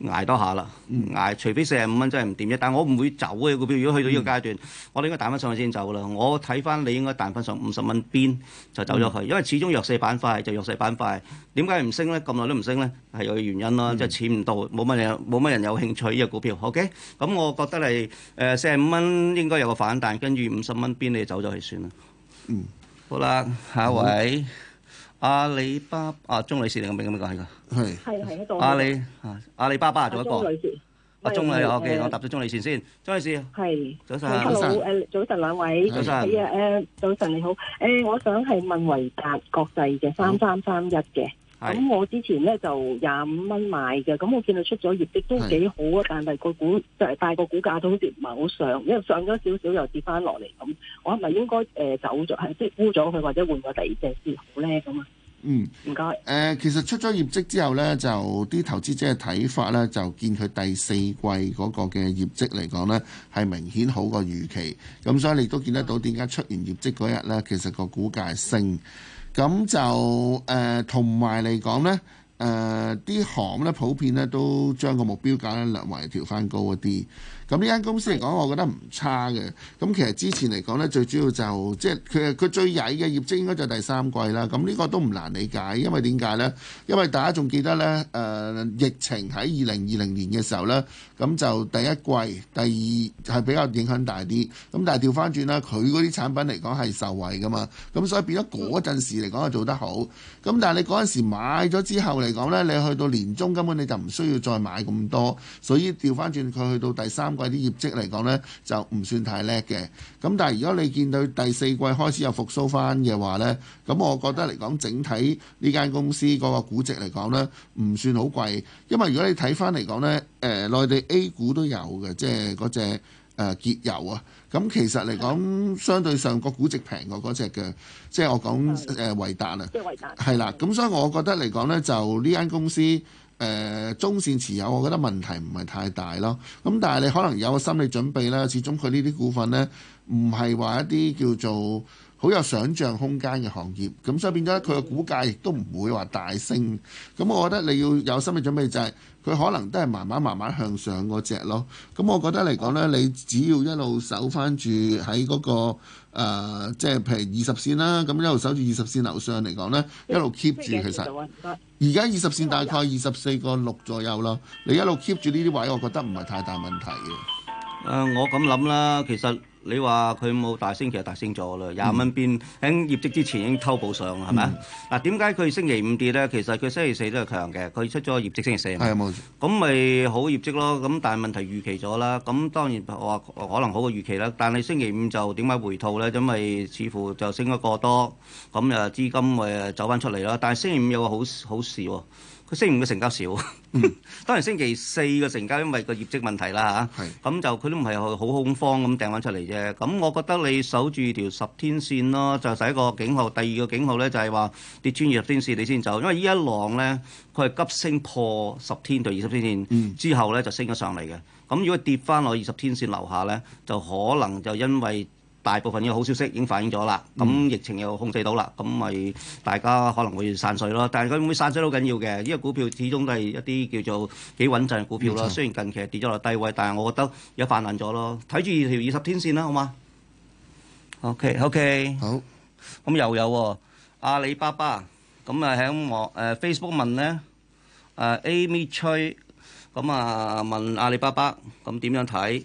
捱多下啦，嗯、捱除非四十五蚊真係唔掂啫，但我唔會走嘅股票。如果去到呢個階段，嗯、我哋應該彈翻上去先走啦。我睇翻你應該彈翻上五十蚊邊就走咗去，嗯、因為始終弱勢板塊就弱勢板塊。點解唔升咧？咁耐都唔升咧，係有原因咯，即係錢唔到，冇乜嘢，冇乜人有興趣呢個股票。OK，咁我覺得係誒四十五蚊應該有個反彈，跟住五十蚊邊你走咗去算啦。嗯，好啦，下一位。嗯阿里巴巴啊，鐘女士你咁樣咁樣講？係㗎，係係係一個。阿里阿里巴巴啊，仲有一個。鐘女士，阿鐘女士，OK，我答咗鐘女士先，鐘女士。係。早晨。早。誒，早晨兩位。早晨。係啊，早晨你好，誒，我想係問維達國際嘅三三三一嘅。咁是我之前呢就廿五蚊買嘅，咁我見佢出咗業績都幾好啊，是但係個股就係大個股價都好似唔係好上，因為上咗少少又跌翻落嚟咁，我係咪應該誒、呃、走咗，即係沽咗佢，或者換過第二隻先好咧咁啊？嗯，唔該煩。誒、呃，其實出咗業績之後呢，就啲投資者嘅睇法呢，就見佢第四季嗰個嘅業績嚟講呢，係明顯好過預期。咁所以你都見得到點解出完業績嗰日呢，其實個股價係升。咁就誒、呃、同埋嚟講呢，誒啲行呢，普遍呢都將個目標價呢略為調翻高一啲。咁呢間公司嚟講，我覺得唔差嘅。咁其實之前嚟講呢，最主要就即係佢佢最曳嘅業績應該就係第三季啦。咁、這、呢個都唔難理解，因為點解呢？因為大家仲記得呢，誒、呃、疫情喺二零二零年嘅時候呢。咁就第一季，第二係比較影響大啲。咁但係調翻轉啦，佢嗰啲產品嚟講，係受惠噶嘛。咁所以變咗嗰陣時嚟講，係做得好。咁但係你嗰陣時買咗之後嚟講咧，你去到年中根本你就唔需要再買咁多。所以調翻轉，佢去到第三季啲業績嚟講咧，就唔算太叻嘅。咁但係如果你見到第四季開始有復甦翻嘅話咧，咁我覺得嚟講整體呢間公司嗰個估值嚟講咧，唔算好貴，因為如果你睇翻嚟講咧，誒、呃、內地。A 股都有嘅，即係嗰隻誒潔柔啊，咁其實嚟講的相對上個估值平過嗰隻嘅，即係我講誒維達啊，即係維達係啦，咁所以我覺得嚟講呢，就呢間公司誒、呃、中線持有，我覺得問題唔係太大咯。咁但係你可能有個心理準備啦，始終佢呢啲股份呢唔係話一啲叫做好有想象空間嘅行業，咁所以變咗佢個股價亦都唔會話大升。咁我覺得你要有心理準備就係、是。佢可能都係慢慢慢慢向上嗰隻咯，咁、嗯、我覺得嚟講呢，你只要一路守翻住喺嗰、那個、呃、即係譬如二十線啦、啊，咁一路守住二十線樓上嚟講呢，一路 keep 住其實。而家二十線大概二十四個六左右咯，你一路 keep 住呢啲位，我覺得唔係太大問題嘅、呃。我咁諗啦，其實。你話佢冇大升，其實大升咗啦，廿蚊變喺業績之前已經偷步上啦，係咪？嗱，點解佢星期五跌咧？其實佢星期四都係強嘅，佢出咗業績，星期四係冇錯，咁咪、嗯、好業績咯。咁但係問題預期咗啦，咁當然話可能好過預期啦。但係星期五就點解回吐咧？咁咪似乎就升得過多，咁誒資金咪走翻出嚟啦。但係星期五有個好好事喎。星期五嘅成交少，嗯，當然星期四嘅成交，因為個業績問題啦，吓是，係，咁就佢都唔係好恐慌咁掟翻出嚟啫。咁我覺得你守住條十天線咯，就係、是、第一個警號。第二個警號咧就係話跌穿二十天線你先走，因為呢一浪咧佢係急升破十天到二十天線之後咧就升咗上嚟嘅。咁如果跌翻落二十天線樓下咧，就可能就因為。大部分嘅好消息已經反映咗啦，咁疫情又控制到啦，咁咪大家可能會散水咯。但係佢會散水都好緊要嘅，呢個股票始終都係一啲叫做幾穩陣嘅股票咯。錯雖然近期跌咗落低位，但係我覺得而家泛難咗咯。睇住條二十天線啦，好嘛？OK，OK、okay, okay, 好。咁又有、啊、阿里巴巴，咁啊喺我誒、呃、Facebook 問咧誒、呃、Amy 吹、啊，咁啊問阿里巴巴，咁點樣睇？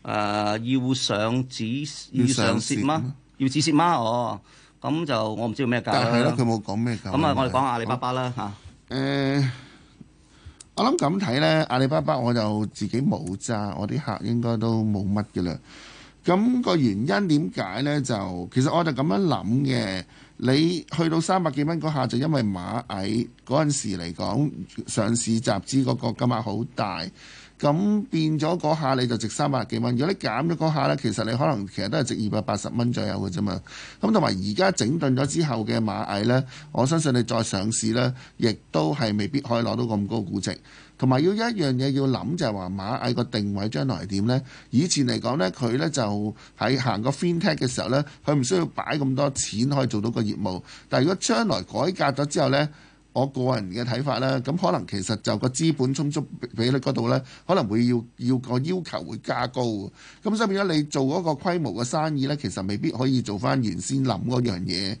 誒、呃、要上止要上蝕嗎？要止蝕嗎？哦，咁、oh, 就我唔知道咩價啦。但係佢冇講咩價。咁啊，我哋講阿里巴巴啦嚇。誒、哦呃，我諗咁睇咧，阿里巴巴我就自己冇揸，我啲客應該都冇乜嘅啦。咁、那個原因點解咧？就其實我就咁樣諗嘅。你去到三百幾蚊嗰下，就因為螞蟻嗰陣時嚟講上市集資嗰個金額好大。咁變咗嗰下你就值三百幾蚊，如果你減咗嗰下呢，其實你可能其實都係值二百八十蚊左右嘅啫嘛。咁同埋而家整頓咗之後嘅螞蟻呢，我相信你再上市呢，亦都係未必可以攞到咁高估值。同埋要一樣嘢要諗就係話螞蟻個定位將來係點呢？以前嚟講呢，佢呢就喺行個 FinTech 嘅時候呢，佢唔需要擺咁多錢可以做到個業務。但係如果將來改革咗之後呢。我個人嘅睇法啦，咁可能其實就個資本充足比率嗰度呢，可能會要要個要，要求會加高，咁所以變咗你做嗰個規模嘅生意呢，其實未必可以做翻原先諗嗰樣嘢。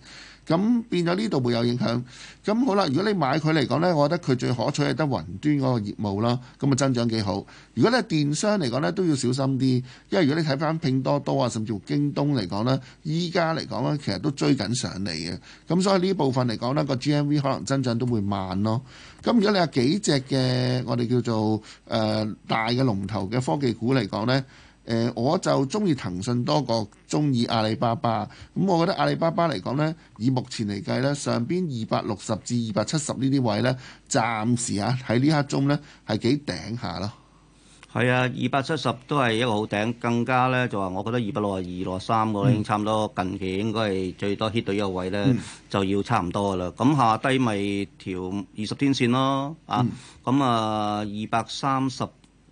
咁變咗呢度會有影響，咁好啦。如果你買佢嚟講呢，我覺得佢最可取係得雲端嗰個業務啦，咁啊增長幾好。如果你電商嚟講呢，都要小心啲，因為如果你睇翻拼多多啊，甚至乎京東嚟講呢，依家嚟講呢，其實都追緊上嚟嘅，咁所以呢部分嚟講呢，個 GMV 可能增長都會慢咯。咁如果你有幾隻嘅我哋叫做誒、呃、大嘅龍頭嘅科技股嚟講呢。誒、呃、我就中意騰訊多過中意阿里巴巴，咁、嗯、我覺得阿里巴巴嚟講呢，以目前嚟計呢，上邊二百六十至二百七十呢啲位呢，暫時啊，喺呢刻鐘呢係幾頂下咯。係啊，二百七十都係一個好頂，更加呢就話我覺得二百六十二、六十三嘅已經差唔多，近期應該係最多 hit 到呢個位咧，嗯、就要差唔多啦。咁下低咪調二十天線咯，啊，咁啊二百三十。嗯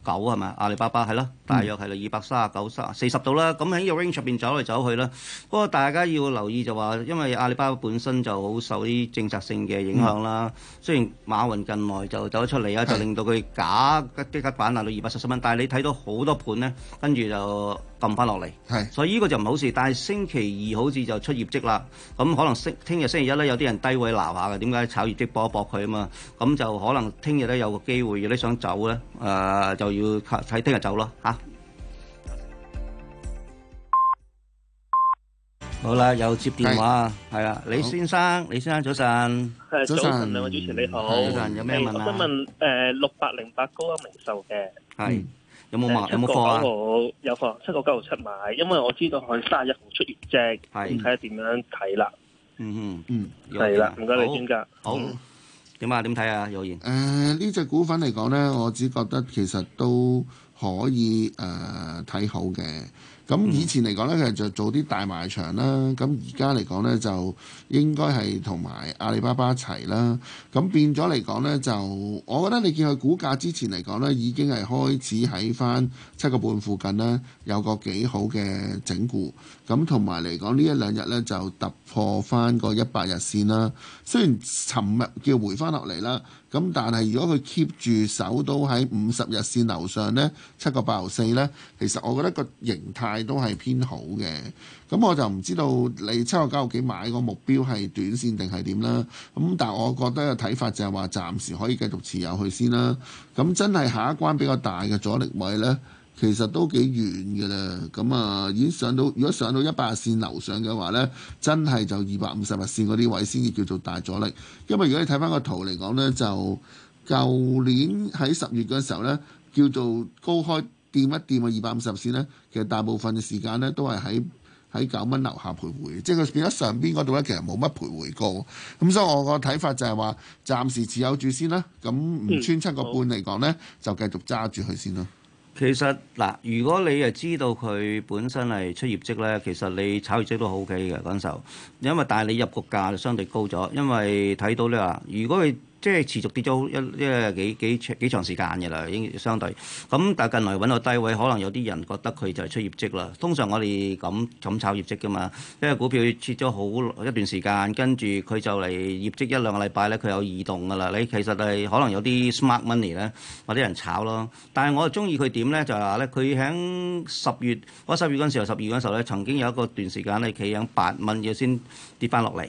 九係咪？阿里巴巴係咯，大約係啦，二百三十九三四十度啦。咁喺個 range 入邊走嚟走去啦。不過大家要留意就話，因為阿里巴巴本身就好受啲政策性嘅影響啦。雖然馬雲近來就走咗出嚟啊，就令到佢假即刻反彈到二百七十蚊。但係你睇到好多盤呢，跟住就撳翻落嚟。係，所以呢個就唔好事。但係星期二好似就出業績啦，咁、嗯、可能星聽日星期一呢，有啲人低位鬧下嘅。點解炒業績搏一搏佢啊嘛？咁、嗯、就、嗯、可能聽日咧有個機會，如你想走咧，誒、呃、就。要睇聽日走咯，嚇！好啦，又接電話，係啊，李先生，李先生早晨，早晨，兩位主持你好，早晨有咩問啊？我想問誒六百零八高啊，明售嘅係有冇買？有冇貨啊？有貨，七個九號出賣，因為我知道佢三十一號出業績，睇下點樣睇啦。嗯嗯嗯，係啦，唔該你專家。好。點啊？點睇啊？有無現？誒呢隻股份嚟講咧，我只覺得其實都可以誒睇、呃、好嘅。咁、嗯、以前嚟講呢，佢就做啲大賣場啦。咁而家嚟講呢，就應該係同埋阿里巴巴一齊啦。咁變咗嚟講呢，就我覺得你見佢股價之前嚟講呢，已經係開始喺翻七個半附近呢，有個幾好嘅整固。咁同埋嚟講呢一兩日呢就突破翻個一百日線啦。雖然尋日叫回翻落嚟啦。咁但係如果佢 keep 住守到喺五十日線樓上呢，七個八毫四呢，其實我覺得個形態都係偏好嘅。咁我就唔知道你七個九毫幾買個目標係短線定係點啦。咁但係我覺得嘅睇法就係話暫時可以繼續持有佢先啦。咁真係下一關比較大嘅阻力位呢，其實都幾遠嘅啦，咁啊已經上到，如果上到一百日線樓上嘅話呢，真係就二百五十日線嗰啲位先至叫做大阻力。因為如果你睇翻個圖嚟講呢，就舊年喺十月嘅時候呢，叫做高開掂一掂啊二百五十日線呢，其實大部分嘅時間呢都係喺喺九蚊樓下徘徊，即係佢變咗上邊嗰度呢，其實冇乜徘徊過。咁所以我個睇法就係話，暫時持有住先啦，咁唔穿七個半嚟講呢，就繼續揸住佢先囉。其實嗱，如果你係知道佢本身係出業績咧，其實你炒業績都 O K 嘅嗰陣時候，因為但係你入局價就相對高咗，因為睇到咧啊，如果佢。即係持續跌咗一即係幾幾長幾長時間嘅啦，已經相對。咁但係近來揾到低位，可能有啲人覺得佢就係出業績啦。通常我哋咁咁炒業績㗎嘛，因為股票跌咗好一段時間，跟住佢就嚟業績一兩個禮拜咧，佢有異動㗎啦。你其實係可能有啲 smart money 咧，或啲人炒咯。但係我中意佢點咧，就係話咧，佢喺十月我十月嗰陣時候、十二嗰陣時候咧，曾經有一個段時間咧，企響八蚊嘢先跌翻落嚟。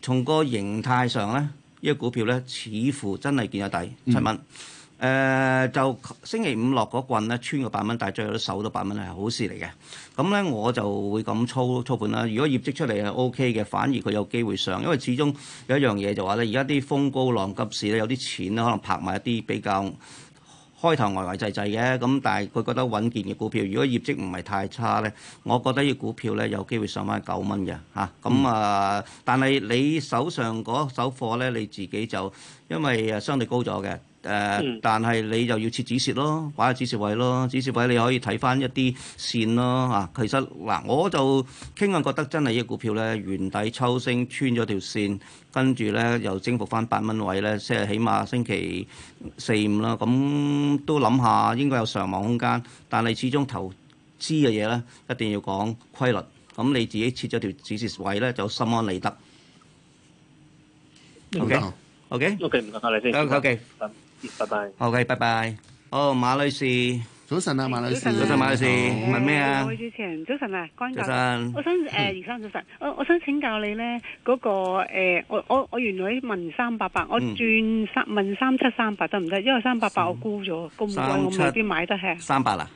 從個形態上咧。呢個股票咧，似乎真係見咗底七蚊。誒、嗯呃，就星期五落嗰棍咧，穿個八蚊，但係最後都守到八蚊係好事嚟嘅。咁咧，我就會咁操操盤啦。如果業績出嚟係 O K 嘅，反而佢有機會上，因為始終有一樣嘢就話咧，而家啲風高浪急時咧，有啲錢咧可能拍埋一啲比較。開頭呆呆滯滯嘅，咁但係佢覺得穩健嘅股票，如果業績唔係太差咧，我覺得要股票咧有機會上翻九蚊嘅嚇。咁啊，嗯、但係你手上嗰手貨咧，你自己就因為誒相對高咗嘅。誒， 但係你又要設止蝕咯，擺喺止蝕位咯，止蝕位你可以睇翻一啲線咯嚇、啊。其實嗱，我就傾向，覺得真係呢個股票咧，原底抽升，穿咗條線，跟住咧又征服翻八蚊位咧，即係起碼星期四五啦。咁、啊、都諗下應該有上網空間，但係始終投資嘅嘢咧一定要講規律。咁你自己設咗條止蝕位咧，就心安理得。O K，O K，O K，唔該你先。o Okay? K、okay。拜拜，OK 拜拜。哦，Bye okay, oh, 馬女士，早晨啊，馬女士，早晨，馬女士，問咩啊？早前、啊，早晨啊，啊，啊，關上我、呃二三。我想誒，先生早晨，我我想請教你咧，嗰、那個、呃、我我我原來問三百八，我轉三問三七三八得唔得？因為三百八我沽咗，咁唔三七我未必買得係。三八啊！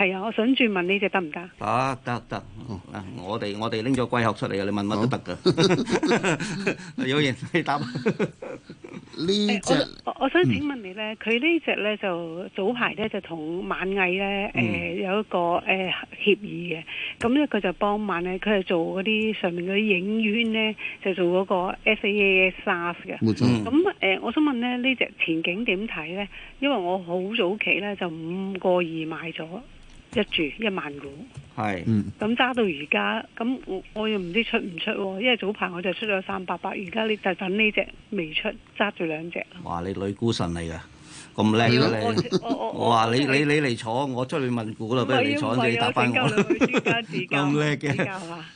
係啊，我想轉問呢隻得唔得？得得得，啊！哎、我哋我哋拎咗貴客出嚟嘅，你問乜都得嘅。有嘢你答，呢隻我想請問你咧，佢、嗯、呢隻咧就早排咧就同晚藝咧誒有一個誒、呃、協議嘅，咁咧佢就幫晚咧佢係做嗰啲上面嗰啲影院咧，就做嗰個 SaaS SaaS 嘅。冇錯。咁誒、呃，我想問咧呢隻前景點睇咧？因為我好早期咧就五個二買咗。一注一萬股，係是，咁揸到而家，咁我、嗯嗯嗯、我又唔知出唔出，因為早排我就出咗三百八，而家你就等呢隻未出，揸住兩隻。哇，你女股神嚟㗎。咁叻嘅你，我我我我話你你你嚟坐，我出去問股啦，不如你坐，你答翻我。咁叻嘅，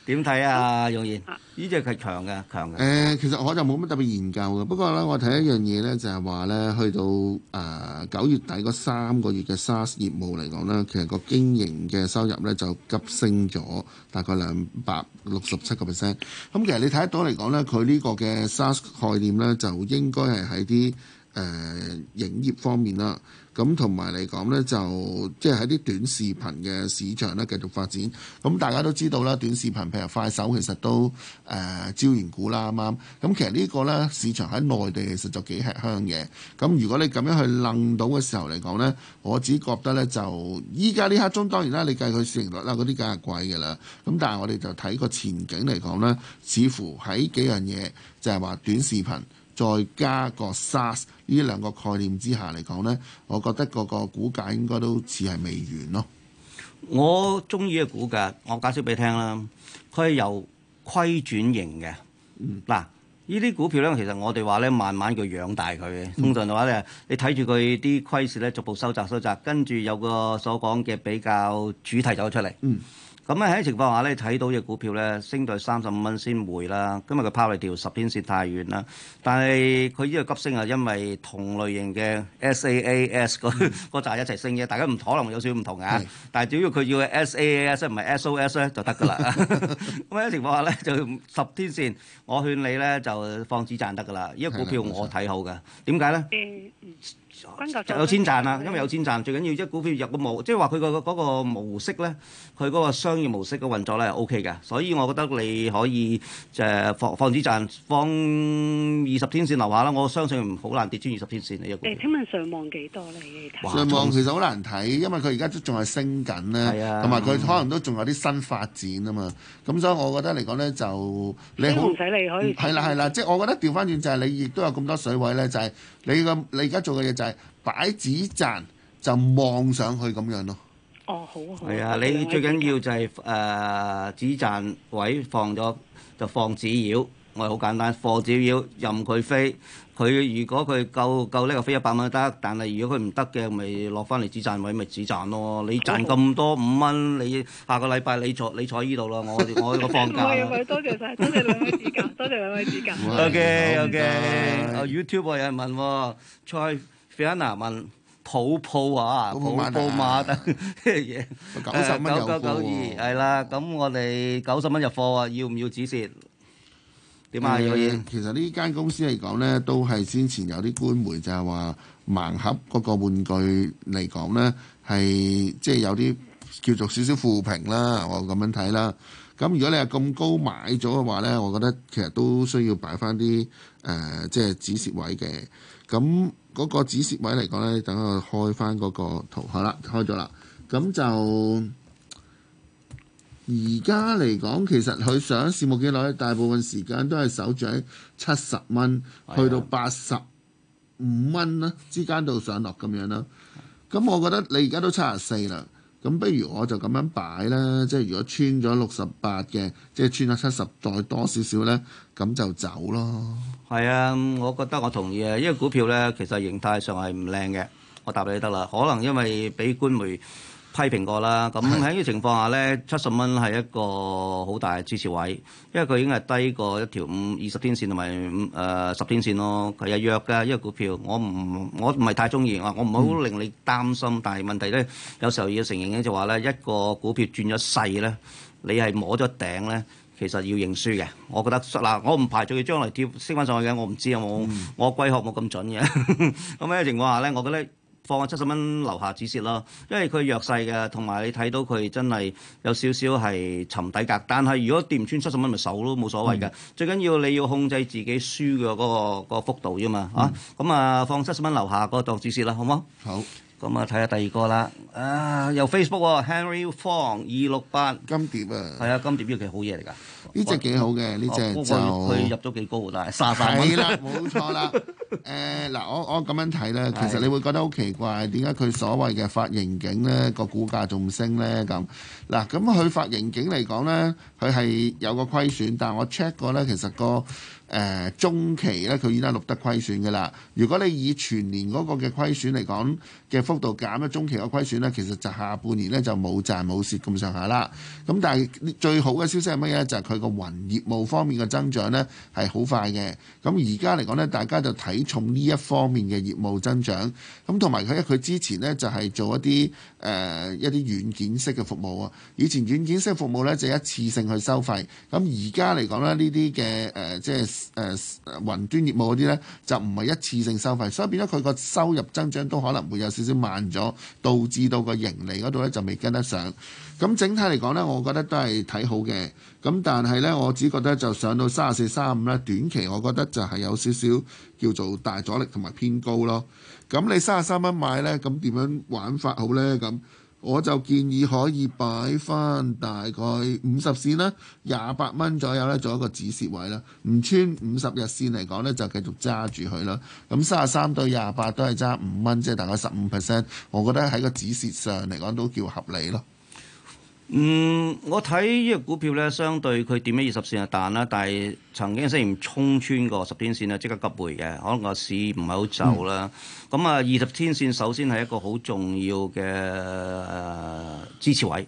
點睇啊，容言？呢隻係強嘅，強嘅。誒，其實我就冇乜特別研究嘅，不過咧，我睇一樣嘢咧，就係話咧，去到誒九月底嗰三個月嘅 SaaS 業務嚟講咧，其實個經營嘅收入咧就急升咗大概兩百六十七個 percent。咁其實你睇得到嚟講咧，佢呢個嘅 SaaS 概念咧，就應該係喺啲，誒營、呃、業方面啦，咁同埋嚟講呢，就即係喺啲短視頻嘅市場咧繼續發展。咁、啊、大家都知道啦，短視頻譬如快手其實都誒招完股啦，啱、呃、啱？咁、啊啊、其實呢個呢市場喺內地其實就幾吃香嘅。咁、啊、如果你咁樣去掕到嘅時候嚟講呢，我只覺得呢，就依家呢刻中當然啦，你計佢市盈率啦，嗰啲梗係貴嘅啦。咁、啊、但係我哋就睇個前景嚟講咧，似乎喺幾樣嘢就係、是、話短視頻。再加個 SARS 呢兩個概念之下嚟講呢，我覺得個個股價應該都似係未完咯。我中意嘅股價，我介紹俾你聽啦。佢係由虧轉型嘅嗱，呢啲、嗯、股票呢，其實我哋話呢，慢慢哋養大佢，通常嘅話呢，你睇住佢啲虧蝕呢，逐步收窄收窄，跟住有個所講嘅比較主題走出嚟。嗯咁咧喺情況下咧睇到隻股票咧升到三十五蚊先回啦，今日佢拋嚟掉十天線太遠啦，但係佢依個急升係因為同類型嘅 SaaS 個個集一齊升嘅，大家唔可能有少少唔同啊，但係主要佢要 SaaS 即係唔係 SOS 咧就得㗎啦。咁喺情況下咧就十天線，我勸你咧就放止賺得㗎啦，依個股票我睇好㗎，點解咧？就有錢賺啦，因為有錢賺，嗯、最緊要即係股票入個模，即係話佢個嗰個模式咧，佢嗰個商業模式嘅運作咧係 O K 嘅，所以我覺得你可以就放放止賺，放二十天線樓下啦，我相信好難跌穿二十天線嘅。誒，請問上望幾多你？上望其實好難睇，因為佢而家都仲係升緊咧，同埋佢可能都仲有啲新發展啊嘛。咁所以，我覺得嚟講咧，就你好，唔使、嗯嗯、你可以去。係啦係啦，即係我覺得調翻轉就係你亦都有咁多水位咧，就係、是。你個你而家做嘅嘢就係擺紙鷂，就望上去咁樣咯。哦，好啊。係 啊，你最緊要就係誒，紙、呃、鷂位放咗，就放紙鷂，我哋好簡單，放紙鷂任佢飛。佢如果佢夠夠叻就飛一百蚊就得，但係如果佢唔得嘅，咪落翻嚟止賺位咪止賺咯。你賺咁多五蚊，你下個禮拜你坐你坐依度啦。我我個 okay, okay,、oh, 我放假。多謝曬，多謝兩位指教，多謝兩位指教。O K O K。YouTube 有人問蔡 Fiona，問普普啊，普啊普馬等啲嘢。九十九九九二係啦，咁、yeah, uh, 哦、我哋九十蚊入貨啊，要唔要止蝕？點、嗯、其實呢間公司嚟講呢，都係先前有啲官媒就係話盲盒嗰個玩具嚟講呢，係即係有啲叫做少少負評啦。我咁樣睇啦。咁如果你係咁高買咗嘅話呢，我覺得其實都需要擺翻啲誒，即係止蝕位嘅。咁嗰個止蝕位嚟講呢，等佢開翻嗰個圖，好啦，開咗啦。咁就。而家嚟講，其實佢上市冇幾耐，大部分時間都係守住七十蚊，的去到八十五蚊啦之間度上落咁樣啦。咁的我覺得你而家都七十四啦，咁不如我就咁樣擺啦。即係如果穿咗六十八嘅，即係穿咗七十再多少少呢，咁就走咯。係啊，我覺得我同意啊，因為股票呢，其實形態上係唔靚嘅。我答你得啦，可能因為俾官媒批評過啦，咁喺呢個情況下咧，七十蚊係一個好大嘅支持位，因為佢已經係低過一條五二十天線同埋五誒、呃、十天線咯。佢係弱嘅，呢、呢個股票我唔我唔係太中意，我唔好令你擔心。嗯、但係問題咧，有時候要承認嘅就話咧，一個股票轉咗勢咧，你係摸咗頂咧，其實要認輸嘅。我覺得嗱，我唔排除佢將來跳升翻上去嘅，我唔知有冇，我龜殼冇咁準嘅。咁呢情況下咧，我覺得。 放七十蚊樓下止蝕啦，因為佢弱勢嘅，同埋你睇到佢真係有少少係沉底格，但係如果掂唔穿七十蚊，咪手都冇所謂嘅。嗯、最緊要你要控制自己輸嘅嗰、嗰個嗰個幅度啫嘛，嚇、啊。咁啊，放七十蚊樓下嗰度止蝕啦，好唔好？好。咁啊，睇下第二個啦。啊，又 Facebook、啊、Henry Fong 二六八金碟啊。係啊，金碟呢隻其實好嘢嚟㗎。呢隻幾好嘅，呢隻、啊啊、就佢入咗幾高，但係卅萬蚊。係啦，冇錯啦。誒嗱、 呃，我我咁樣睇咧，其實你會覺得好奇怪，點解佢所謂嘅發盈警咧，個股價仲升咧咁？嗱，咁佢發盈警嚟講咧，佢係有個虧損，但係我 check 過咧，其實個。誒、呃、中期咧，佢已經錄得虧損㗎啦。如果你以全年嗰個嘅虧損嚟講嘅幅度減咗，中期嘅虧損咧，其實就下半年咧就冇賺冇蝕咁上下啦。咁、嗯、但係最好嘅消息係乜嘢咧？就係佢個雲業務方面嘅增長咧係好快嘅。咁而家嚟講咧，大家就睇重呢一方面嘅業務增長。咁同埋佢佢之前咧就係、是、做一啲。誒、呃、一啲軟件式嘅服務啊，以前軟件式服務咧就一次性去收費，咁而家嚟講咧呢啲嘅誒即係誒、呃、雲端業務嗰啲咧就唔係一次性收費，所以變咗佢個收入增長都可能會有少少慢咗，導致到個盈利嗰度咧就未跟得上。咁整體嚟講咧，我覺得都係睇好嘅。咁但係咧，我只覺得就上到三十四、三十五咧，短期我覺得就係有少少叫做大阻力同埋偏高咯。咁你三十三蚊買呢，咁點樣玩法好呢？咁我就建議可以擺翻大概五十線啦，廿八蚊左右呢，做一個止蝕位啦。唔穿五十日線嚟講呢，就繼續揸住佢啦。咁三十三到廿八都係揸五蚊，即係大概十五 percent。我覺得喺個止蝕上嚟講都叫合理咯。嗯，我睇呢個股票呢，相對佢點咗二十線係彈啦，但係曾經雖然衝穿過十天線啦，即刻急回嘅，可能個市唔係好走啦。嗯。咁啊，二十天線首先係一個好重要嘅支持位，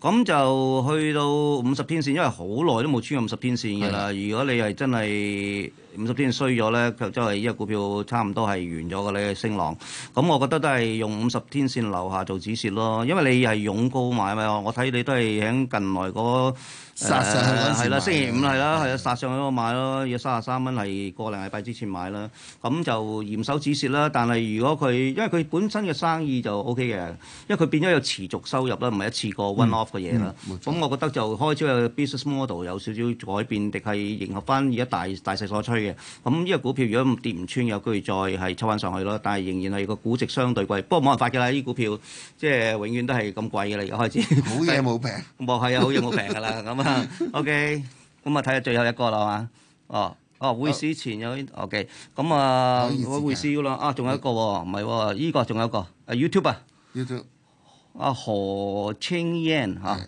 咁、嗯、就去到五十天線，因為好耐都冇穿過五十天線嘅啦。的如果你係真係五十天線衰咗咧，佢真係依隻股票差唔多係完咗嘅咧，升浪。咁我覺得都係用五十天線樓下做止蝕咯，因為你係擁高買咪。我睇你都係響近來嗰、呃、殺上係啦，星期五係啦，係啊殺上去度買咯，要卅三蚊係過零禮拜之前買啦。咁就嚴守止蝕啦，但係。如果佢，因為佢本身嘅生意就 O K 嘅，因為佢變咗有持續收入啦，唔係一次過 one off 嘅嘢啦。咁、嗯嗯嗯、我覺得就開始有 business model 有少少改變，定係迎合翻而家大大勢所趨嘅。咁、嗯、呢個股票如果唔跌唔穿，有機會再係抽翻上去咯。但係仍然係個估值相對貴，不過冇辦法㗎啦。呢股票即係永遠都係咁貴㗎啦。而家開始好嘢冇平，冇係啊，好嘢冇平㗎啦。咁啊 ，OK，咁啊睇下最後一個啦嘛，哦。Oh. 哦，會師前有 OK，咁啊，冇會師噶啦。啊，仲有一個喎，唔係喎，依個仲有一個，YouTube 啊，YouTube，阿何青燕嚇。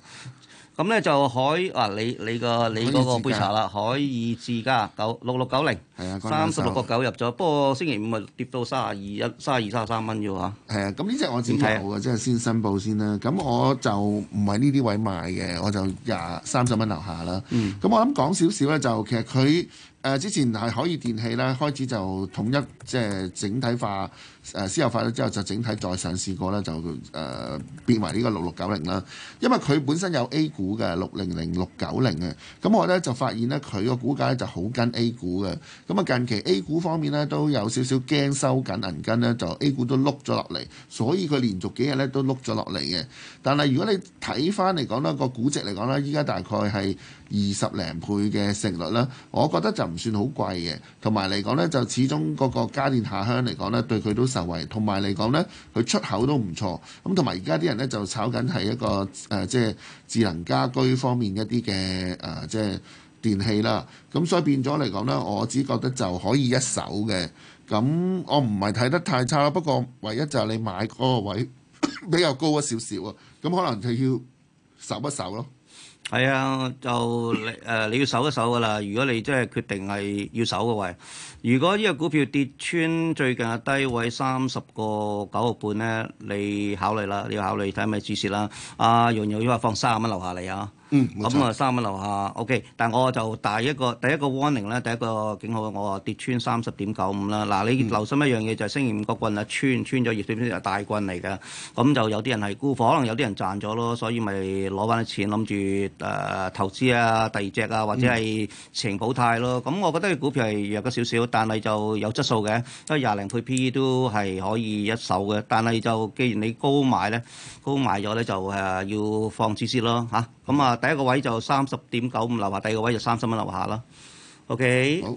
咁咧就海啊，你你個你嗰杯茶啦，海爾智家九六六九零，三十六個九入咗，不過星期五啊跌到三啊二一三啊二三三蚊啫喎。係啊，咁呢隻我先投好嘅，即係先申報先啦。咁我就唔係呢啲位賣嘅，我就廿三十蚊樓下啦。咁我諗講少少咧，就其實佢。誒、呃、之前係海爾電器咧，開始就統一，即係整體化。誒私有化咗之後，就整體再上市過咧，就誒、呃、變為呢個六六九零啦。因為佢本身有 A 股嘅六零零六九零嘅，咁我咧就發現咧佢個股價咧就好跟 A 股嘅。咁啊近期 A 股方面咧都有少少驚收緊銀根咧，就 A 股都碌咗落嚟，所以佢連續幾日咧都碌咗落嚟嘅。但係如果你睇翻嚟講呢、呢個估值嚟講呢依家大概係二十零倍嘅成率啦，我覺得就唔算好貴嘅。同埋嚟講呢，就始終嗰個家電下鄉嚟講呢，對佢都同埋嚟講咧，佢出口都唔錯。咁同埋而家啲人咧就炒緊係一個誒、呃，即係智能家居方面一啲嘅誒，即係電器啦。咁、嗯、所以變咗嚟講咧，我只覺得就可以一手嘅。咁、嗯、我唔係睇得太差啦。不過唯一就係你買嗰個位比較高一少少啊。咁、嗯、可能就要守一守咯。係啊，就你誒、呃，你要守一守噶啦。如果你真係決定係要守個位，如果呢個股票跌穿最近嘅低位三十個九個半咧，你考慮啦，你要考慮睇下咪止蝕啦。阿、啊、容容要，你話放三十蚊留下嚟啊？咁啊、嗯嗯、三蚊留下，OK。但係我就第一個第一個 warning 咧，第一個警號，我啊跌穿三十點九五啦。嗱、嗯，你留心一樣嘢，就星升完個棍啊，穿穿咗二十點大棍嚟嘅。咁就有啲人係沽貨，可能有啲人賺咗咯，所以咪攞翻啲錢諗住誒投資啊，第二隻啊，或者係情保泰咯。咁、嗯嗯嗯、我覺得股票係弱咗少少，但係就有質素嘅，因為廿零倍 PE 都係可以一手嘅。但係就既然你高買咧，高買咗咧就誒要放啲息咯嚇。啊咁啊，第一個位就三十點九五樓下，第二個位就三十蚊樓下啦。OK，好，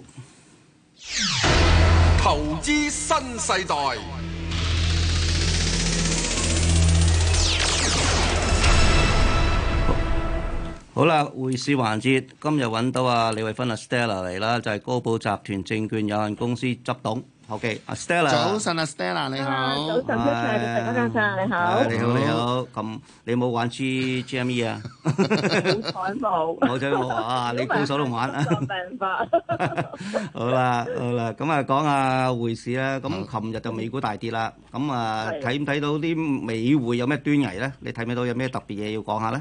投資新世代。好啦，會師環節，今日揾到啊李慧芬啊 Stella 嚟啦，就係高寶集團證券有限公司執董。好嘅，阿 Stella，早晨啊，Stella 你好，早晨，早晨，大家早晨，你好，你好你好，咁你冇玩 G GME 啊？好彩冇，好彩冇啊！你高手都玩啊？冇辦法，好啦好啦，咁啊講下匯市啦。咁琴日就美股大跌啦，咁啊睇唔睇到啲美匯有咩端倪咧？你睇唔睇到有咩特別嘢要講下咧？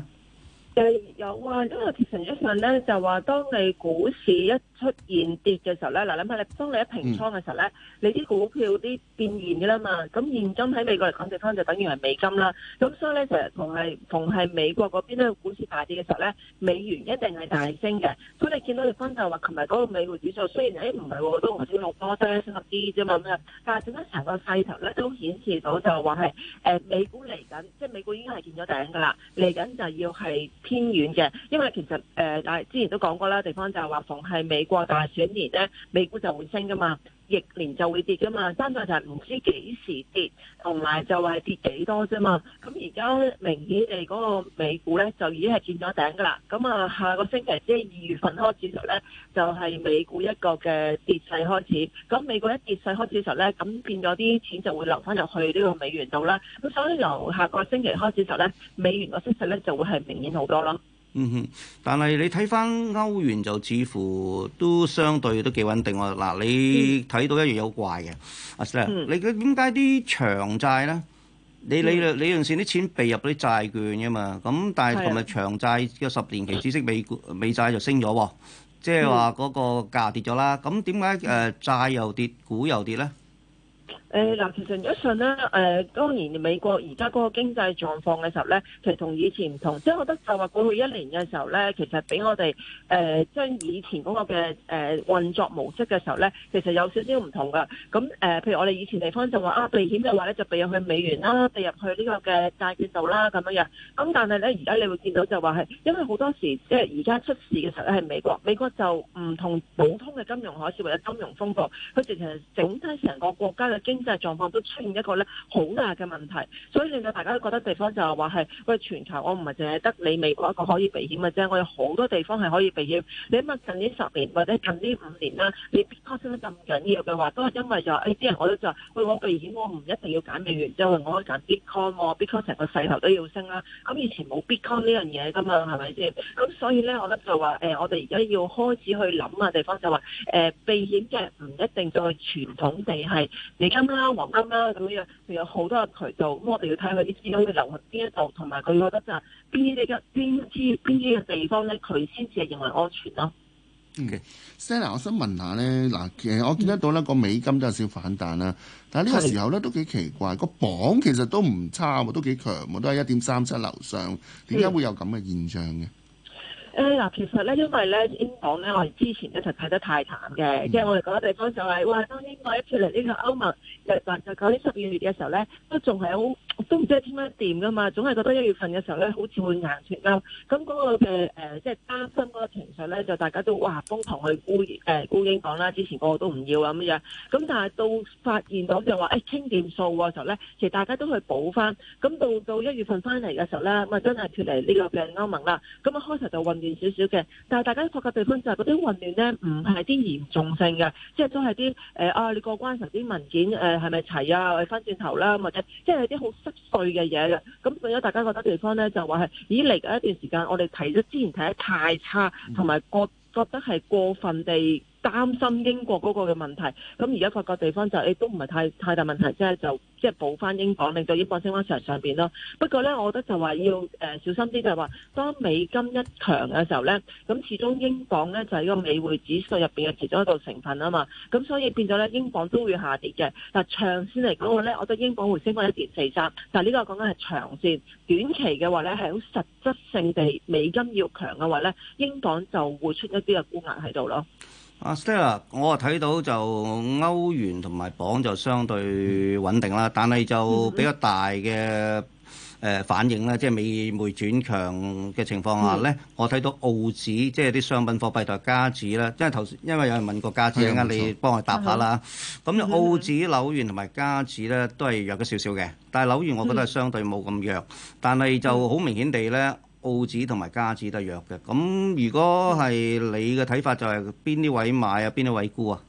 誒有啊，因為其實上咧就話當你股市一出現跌嘅時候咧，嗱諗下你當你一平倉嘅時候咧，你啲股票啲變現嘅啦嘛，咁現金喺美國嚟講地方就等於係美金啦，咁所以咧就係同係逢係美國嗰邊咧股市大跌嘅時候咧，美元一定係大升嘅。咁你見到地方就話，琴日嗰個美匯指數雖然，哎唔係喎，都唔知落多升少啲啫嘛咩，但係整粒成個勢頭咧都顯示到就話係誒美股嚟緊，即係美股已經係見咗頂噶啦，嚟緊就要係偏軟嘅，因為其實誒，但、呃、係之前都講過啦，地方就係話逢係美。過大選年咧，美股就會升噶嘛，逆年就會跌噶嘛，但係就係唔知幾時跌，同埋就係跌幾多啫嘛。咁而家明顯地嗰個美股咧，就已經係見咗頂噶啦。咁啊，下個星期即係二月份開始嘅時候咧，就係、是、美股一個嘅跌勢開始。咁美股一跌勢開始嘅時候咧，咁變咗啲錢就會流翻入去呢個美元度啦。咁所以由下個星期開始嘅時候咧，美元個升勢咧就會係明顯好多咯。嗯哼，但係你睇翻歐元就似乎都相對都幾穩定喎。嗱，你睇到一樣有怪嘅，阿、嗯、Sir、啊、你嘅點解啲長債咧？你、嗯、你你、你用線啲錢備入嗰啲債券嘅嘛？咁但係同埋長債嘅十年期孳息美股美債就升咗喎，即係話嗰個價跌咗啦。咁點解誒債又跌，股又跌咧？誒嗱，其實一瞬咧，誒、呃、當年美國而家嗰個經濟狀況嘅時候咧，其實同以前唔同，即係覺得就話過去一年嘅時候咧，其實比我哋誒將以前嗰個嘅誒、呃、運作模式嘅時候咧，其實有少少唔同嘅。咁誒、呃，譬如我哋以前地方就話啊，避險就話咧就避入去美元啦，避入去呢個嘅債券度啦咁樣樣。咁但係咧，而家你會見到就話係因為好多時即係而家出事嘅時候係美國，美國就唔同普通嘅金融海嘯或者金融風暴，佢直情係整親成個國家嘅經。即係狀況都出現一個咧好大嘅問題，所以令到大家都覺得地方就係話係，喂，全球我唔係淨係得你美國一個可以避險嘅啫，我有好多地方係可以避險。你問近呢十年或者近呢五年啦，你 Bitcoin 升得咁緊要嘅話，都係因為就係啲、哎、人我都就，喂我避險我唔一定要揀美元，即、就、係、是、我可以揀 Bitcoin，Bitcoin 成、啊、個勢頭都要升啦。咁、啊、以前冇 Bitcoin 呢樣嘢㗎嘛，係咪先？咁所以咧，我覺得就話，誒、呃、我哋而家要開始去諗啊，地方就話，誒、呃、避險嘅唔一定再傳統地係你今。啦，黃金啦咁樣樣，佢有好多個渠道，咁我哋要睇佢啲資金嘅流向邊一度，同埋佢覺得就係邊啲一邊支邊啲嘅地方咧，佢先至係認為安全咯。OK，Senna，我想問下咧，嗱，其實我見得到咧個美金都有少反彈啦，但係呢個時候咧都幾奇怪，個磅其實都唔差，都幾強，都係一點三七樓上，點解會有咁嘅現象嘅？誒嗱，其實咧，因為咧，英國咧，我哋之前咧就睇得太淡嘅，即係、嗯、我哋嗰個地方就係、是，哇，當英國一出嚟呢個歐盟入嚟就講九年十二月嘅時候咧，都仲係好。都唔知係點樣掂噶嘛，總係覺得一月份嘅時候咧，好似會硬脫鈎。咁嗰個嘅誒，即、呃、係、就是、擔心嗰個情緒咧，就大家都哇瘋狂去沽誒沽英鎊啦。之前個個都唔要啊咁樣。咁但係到發現咗，就話誒、哎、傾掂數嘅時候咧，其實大家都去補翻。咁到到一月份翻嚟嘅時候咧，咪真係脫離呢個嘅歐盟啦。咁啊開頭就混亂少少嘅，但係大家錯嘅地方就係嗰啲混亂咧，唔係啲嚴重性嘅，即係都係啲誒啊你過關時啲文件誒係咪齊啊？翻轉頭啦，或者即係啲好。濕碎嘅嘢嘅，咁變咗大家覺得地方咧就話係，咦嚟緊一段時間我哋睇咗之前睇得太差，同埋覺覺得係過分地。擔心英國嗰個嘅問題，咁而家發覺地方就誒、欸、都唔係太太大問題，即係就即係補翻英鎊，令到英鎊升翻上場上邊咯。不過呢，我覺得就話要誒、呃、小心啲，就係話當美金一強嘅時候呢，咁始終英鎊呢，就係個美匯指數入邊嘅其中一個成分啊嘛，咁所以變咗呢，英鎊都會下跌嘅。但係長線嚟講，呢我覺得英鎊會升翻一點四三。但係呢個講緊係長線，短期嘅話呢，係好實質性地美金要強嘅話呢，英鎊就會出一啲嘅沽壓喺度咯。阿 Stella，我啊睇到就歐元同埋鎊就相對穩定啦，但係就比較大嘅誒、呃、反應啦，即係美匯轉強嘅情況下咧，的我睇到澳紙即係啲商品貨幣同埋加紙啦，因為頭先因為有人問過加紙，紙啊的，等陣你幫我答下啦。咁澳紙、紐元同埋加紙咧都係弱咗少少嘅，但係紐元我覺得係相對冇咁弱，的但係就好明顯地咧。澳紙同埋加紙都係弱嘅，咁如果係你嘅睇法，就係邊啲位買啊，邊啲位沽啊？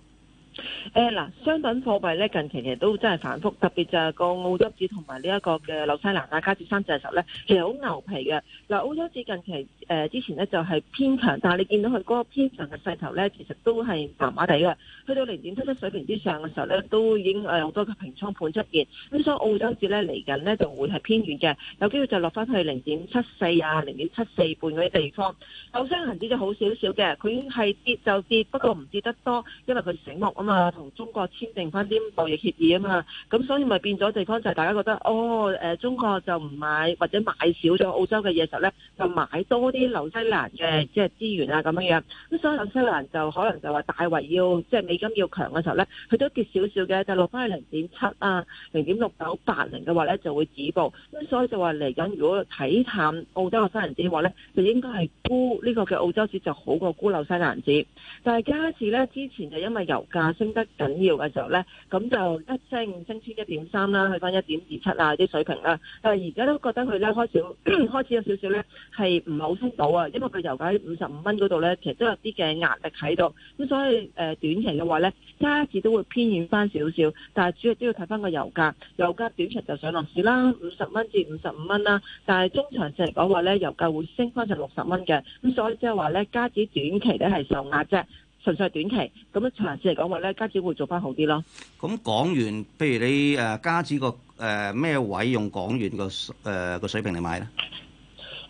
誒嗱、欸，商品貨幣咧近期亦都真係反覆，特別就係個澳洲紙同埋呢一個嘅紐西蘭、啊、加紙三隻實咧，其實好牛皮嘅。嗱，澳洲紙近期。誒之前呢就係偏強，但係你見到佢嗰個偏強嘅勢頭呢，其實都係麻麻地嘅。去到零點七七水平之上嘅時候呢，都已經誒好多嘅平倉盤出現。咁所以澳洲紙呢，嚟緊呢就會係偏軟嘅，有機會就落翻去零點七四啊、零點七四半嗰啲地方。歐元行啲就好少少嘅，佢已經係跌就跌，不過唔跌得多，因為佢醒目啊嘛，同中國簽訂翻啲貿易協議啊嘛，咁所以咪變咗地方就係大家覺得哦，誒、呃、中國就唔買或者買少咗澳洲嘅嘢時候呢，就買多啲紐西蘭嘅即係資源啊咁樣樣，咁所以紐西蘭就可能就話大圍要即係、就是、美金要強嘅時候咧，佢都跌少少嘅，就落翻去零點七啊，零點六九八零嘅話咧就會止步。咁所以就話嚟緊，如果睇淡澳洲紐西蘭紙嘅話咧，就應該係沽呢、這個嘅澳洲紙就好過沽紐西蘭紙。但係今次咧之前就因為油價升得緊要嘅時候咧，咁就一升升穿一點三啦，去翻一點二七啊啲水平啦、啊。但係而家都覺得佢咧開始 開始有少少咧係唔好。到啊，因為佢油價喺五十五蚊嗰度咧，其實都有啲嘅壓力喺度，咁所以誒短期嘅話咧，加紙都會偏軟翻少少，但係主要都要睇翻個油價，油價短期就上落市啦，五十蚊至五十五蚊啦，但係中長線嚟講話咧，油價會升翻成六十蚊嘅，咁所以即係話咧，加紙短期咧係受壓啫，純粹係短期，咁樣長線嚟講話咧，加紙會做翻好啲咯。咁港元，譬如你誒加紙個誒咩位用港元個誒個水平嚟買咧？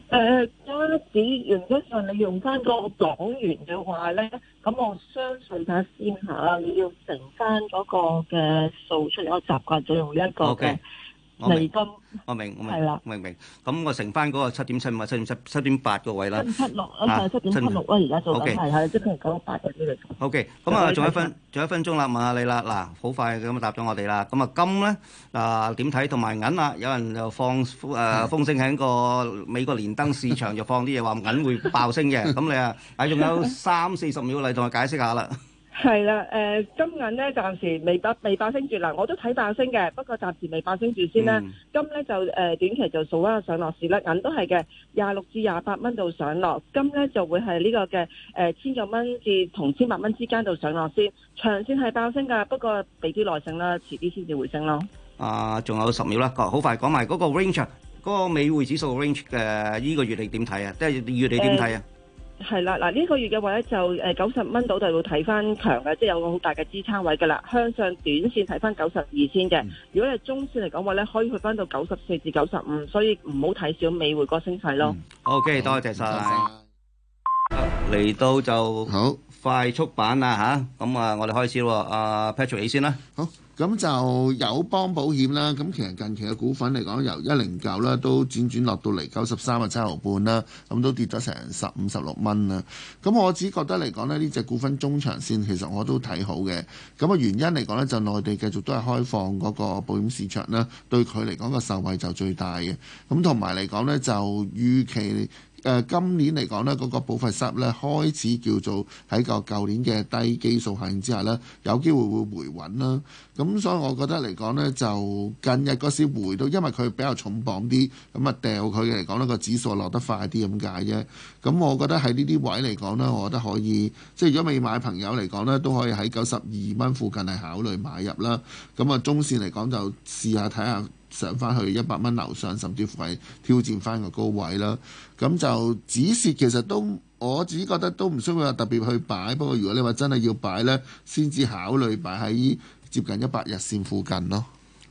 誒，家姐原咗上，你用翻嗰個港元嘅話咧，咁我相信下先嚇，你要乘翻嗰個嘅數出嚟，我習慣咗用一個嘅。Okay. 我明，我明，係啦，我明明，咁我乘翻嗰個七點七五啊，七點七，七點八個位啦，七六啊嘛，七點七六啊，而家做緊係係即係九百幾嚟做。好嘅，咁啊，仲有一分，仲有看一分鐘啦，問下你啦，嗱、啊，好快咁啊答咗我哋啦，咁啊金咧嗱點睇，同、呃、埋銀啊，有人又放誒、呃、風聲喺個美國連登市場又放啲嘢，話 銀會爆升嘅，咁你啊，誒仲有三四十秒嚟，同我解釋下啦。係啦，誒、呃、金銀咧暫時未爆未爆升住啦，我都睇爆升嘅，不過暫時未爆升住先啦。嗯、金咧就誒短期就數下上落市啦，銀都係嘅，廿六至廿八蚊度上落。金咧就會係呢個嘅誒千九蚊至同千八蚊之間度上落先，長線係爆升㗎，不過俾啲耐性啦，遲啲先至回升咯、呃。啊，仲有十秒啦，好快講埋嗰個 range，嗰個美匯指數 range 嘅呢個月嚟點睇啊？即係月你點睇啊？呃係啦，嗱呢個月嘅話咧就誒九十蚊度就會睇翻強嘅，即係有個好大嘅支撐位噶啦。向上短線睇翻九十二先嘅，如果係中線嚟講話咧，可以去翻到九十四至九十五，所以唔好睇少美匯個升勢咯。OK，多謝晒。嚟到就好快速版啦吓，咁啊我哋開始喎，阿 Patrick 起先啦。好。咁就友邦保險啦，咁其實近期嘅股份嚟講，由一零九啦，都轉轉落到嚟九十三啊七毫半啦，咁都跌咗成十五十六蚊啦。咁我只覺得嚟講呢，呢隻股份中長線其實我都睇好嘅。咁啊原因嚟講呢，就內地繼續都係開放嗰個保險市場啦，對佢嚟講個受惠就最大嘅。咁同埋嚟講呢，就預期，誒、呃、今年嚟講咧，嗰、那個保費率咧，開始叫做喺個舊年嘅低基數限之下咧，有機會會回穩啦。咁所以我覺得嚟講咧，就近日個市回到，因為佢比較重磅啲，咁啊掉佢嚟講呢個指數落得快啲咁解啫。咁我覺得喺呢啲位嚟講咧，我覺得可以，即係如果未買朋友嚟講咧，都可以喺九十二蚊附近係考慮買入啦。咁啊中線嚟講就試下睇下。上翻去一百蚊樓上，甚至乎係挑戰翻個高位啦。咁就止蝕其實都，我自己覺得都唔需要特別去擺。不過如果你話真係要擺呢，先至考慮擺喺接近一百日線附近咯。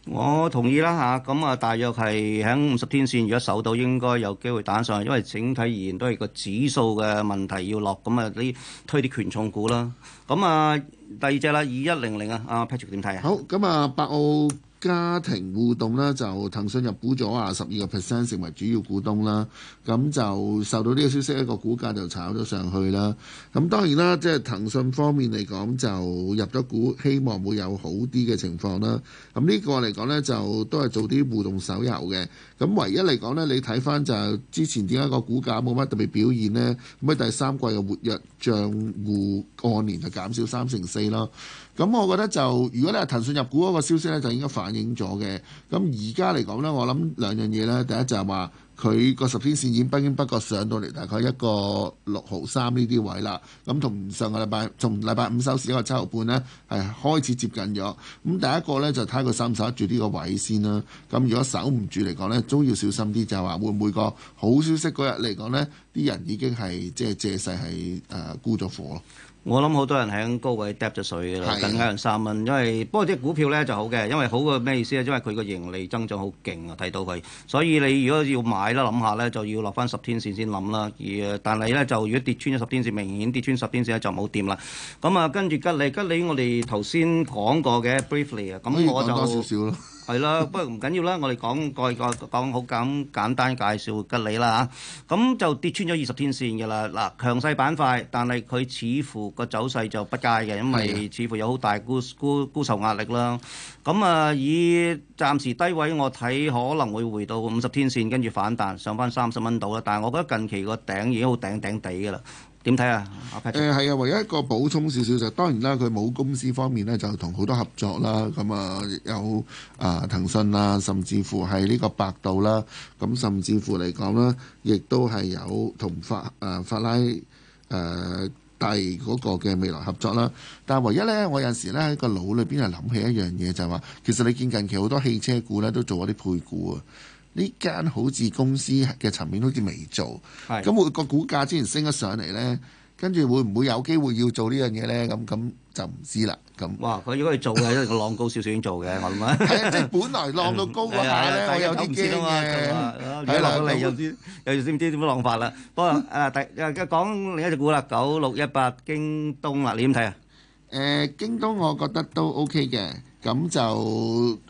我同意啦吓咁啊，大約係喺五十天線，如果守到應該有機會打上去，因為整體而言都係個指數嘅問題要落，咁啊你推啲權重股啦。咁啊第二隻啦，二一零零啊，阿 Patrick 點睇啊？好，咁啊，八澳。家庭互動咧就騰訊入股咗啊，十二個 percent 成為主要股東啦，咁就受到呢個消息，一個股價就炒咗上去啦。咁當然啦，即係騰訊方面嚟講就入咗股，希望會有好啲嘅情況啦。咁呢個嚟講呢，就都係做啲互動手遊嘅。咁唯一嚟講呢，你睇返就之前點解個股價冇乜特別表現呢？咁啊第三季嘅活躍帳戶按年就減少三成四咯。咁、嗯、我覺得就，如果你係騰訊入股嗰個消息咧，就應該反映咗嘅。咁而家嚟講呢，我諗兩樣嘢咧，第一就係話佢個十天線已經不經不覺上到嚟大概一個六毫三呢啲位啦。咁、嗯、同上個禮拜，從禮拜五收市一個七毫半呢係、哎、開始接近咗。咁、嗯、第一個呢，就睇佢守唔守得住呢個位先啦、啊。咁、嗯、如果守唔住嚟講呢，都要小心啲，就係、是、話會唔會個好消息嗰日嚟講呢？啲人已經係即係借勢係誒沽咗貨咯。我諗好多人喺高位嗒咗水嘅啦，緊挨緊三蚊。因為不過隻股票咧就好嘅，因為好過咩意思咧？因為佢個盈利增長好勁啊，睇到佢。所以你如果要買啦，諗下咧就要落翻十天線先諗啦。而但係咧就如果跌穿咗十天線，明顯跌穿十天線咧就冇掂啦。咁、嗯、啊跟住吉利，吉利我哋頭先講過嘅 briefly 啊，咁、嗯哎、呀我就。係啦， 不過唔緊要啦，我哋講個個講好咁簡單介紹吉利啦嚇，咁、啊、就跌穿咗二十天線嘅啦。嗱、啊，強勢板塊，但係佢似乎個走勢就不佳嘅，因為似乎有好大沽沽沽售壓力啦。咁啊，以暫時低位我，我睇可能會回到五十天線，跟住反彈上返三十蚊度啦。但係我覺得近期個頂已經好頂頂地㗎啦。點睇啊？誒係、okay. 呃、啊，唯一一個補充少少就當然啦，佢冇公司方面咧就同好多合作啦，咁、嗯、啊有啊、呃、騰訊啦，甚至乎係呢個百度啦，咁、嗯、甚至乎嚟講啦，亦都係有同法誒、呃、法拉誒帝嗰個嘅未來合作啦。但係唯一咧，我有時咧喺個腦裏邊係諗起一樣嘢，就係、是、話其實你見近期好多汽車股咧都做咗一啲配股啊。呢間好似公司嘅層面好似未做，咁個股價之前升咗上嚟呢，跟住會唔會有機會要做呢樣嘢呢？咁咁就唔知啦。咁哇，佢如果要做嘅，因為個浪高少少已經做嘅，我諗啊。即係本來浪到高嗰下我有啲驚嘅。睇落嚟又知，又唔知點樣浪法啦。不過，誒第誒講另一隻股啦，九六一八京東啦，你點睇啊？誒京東我覺得都 OK 嘅。咁就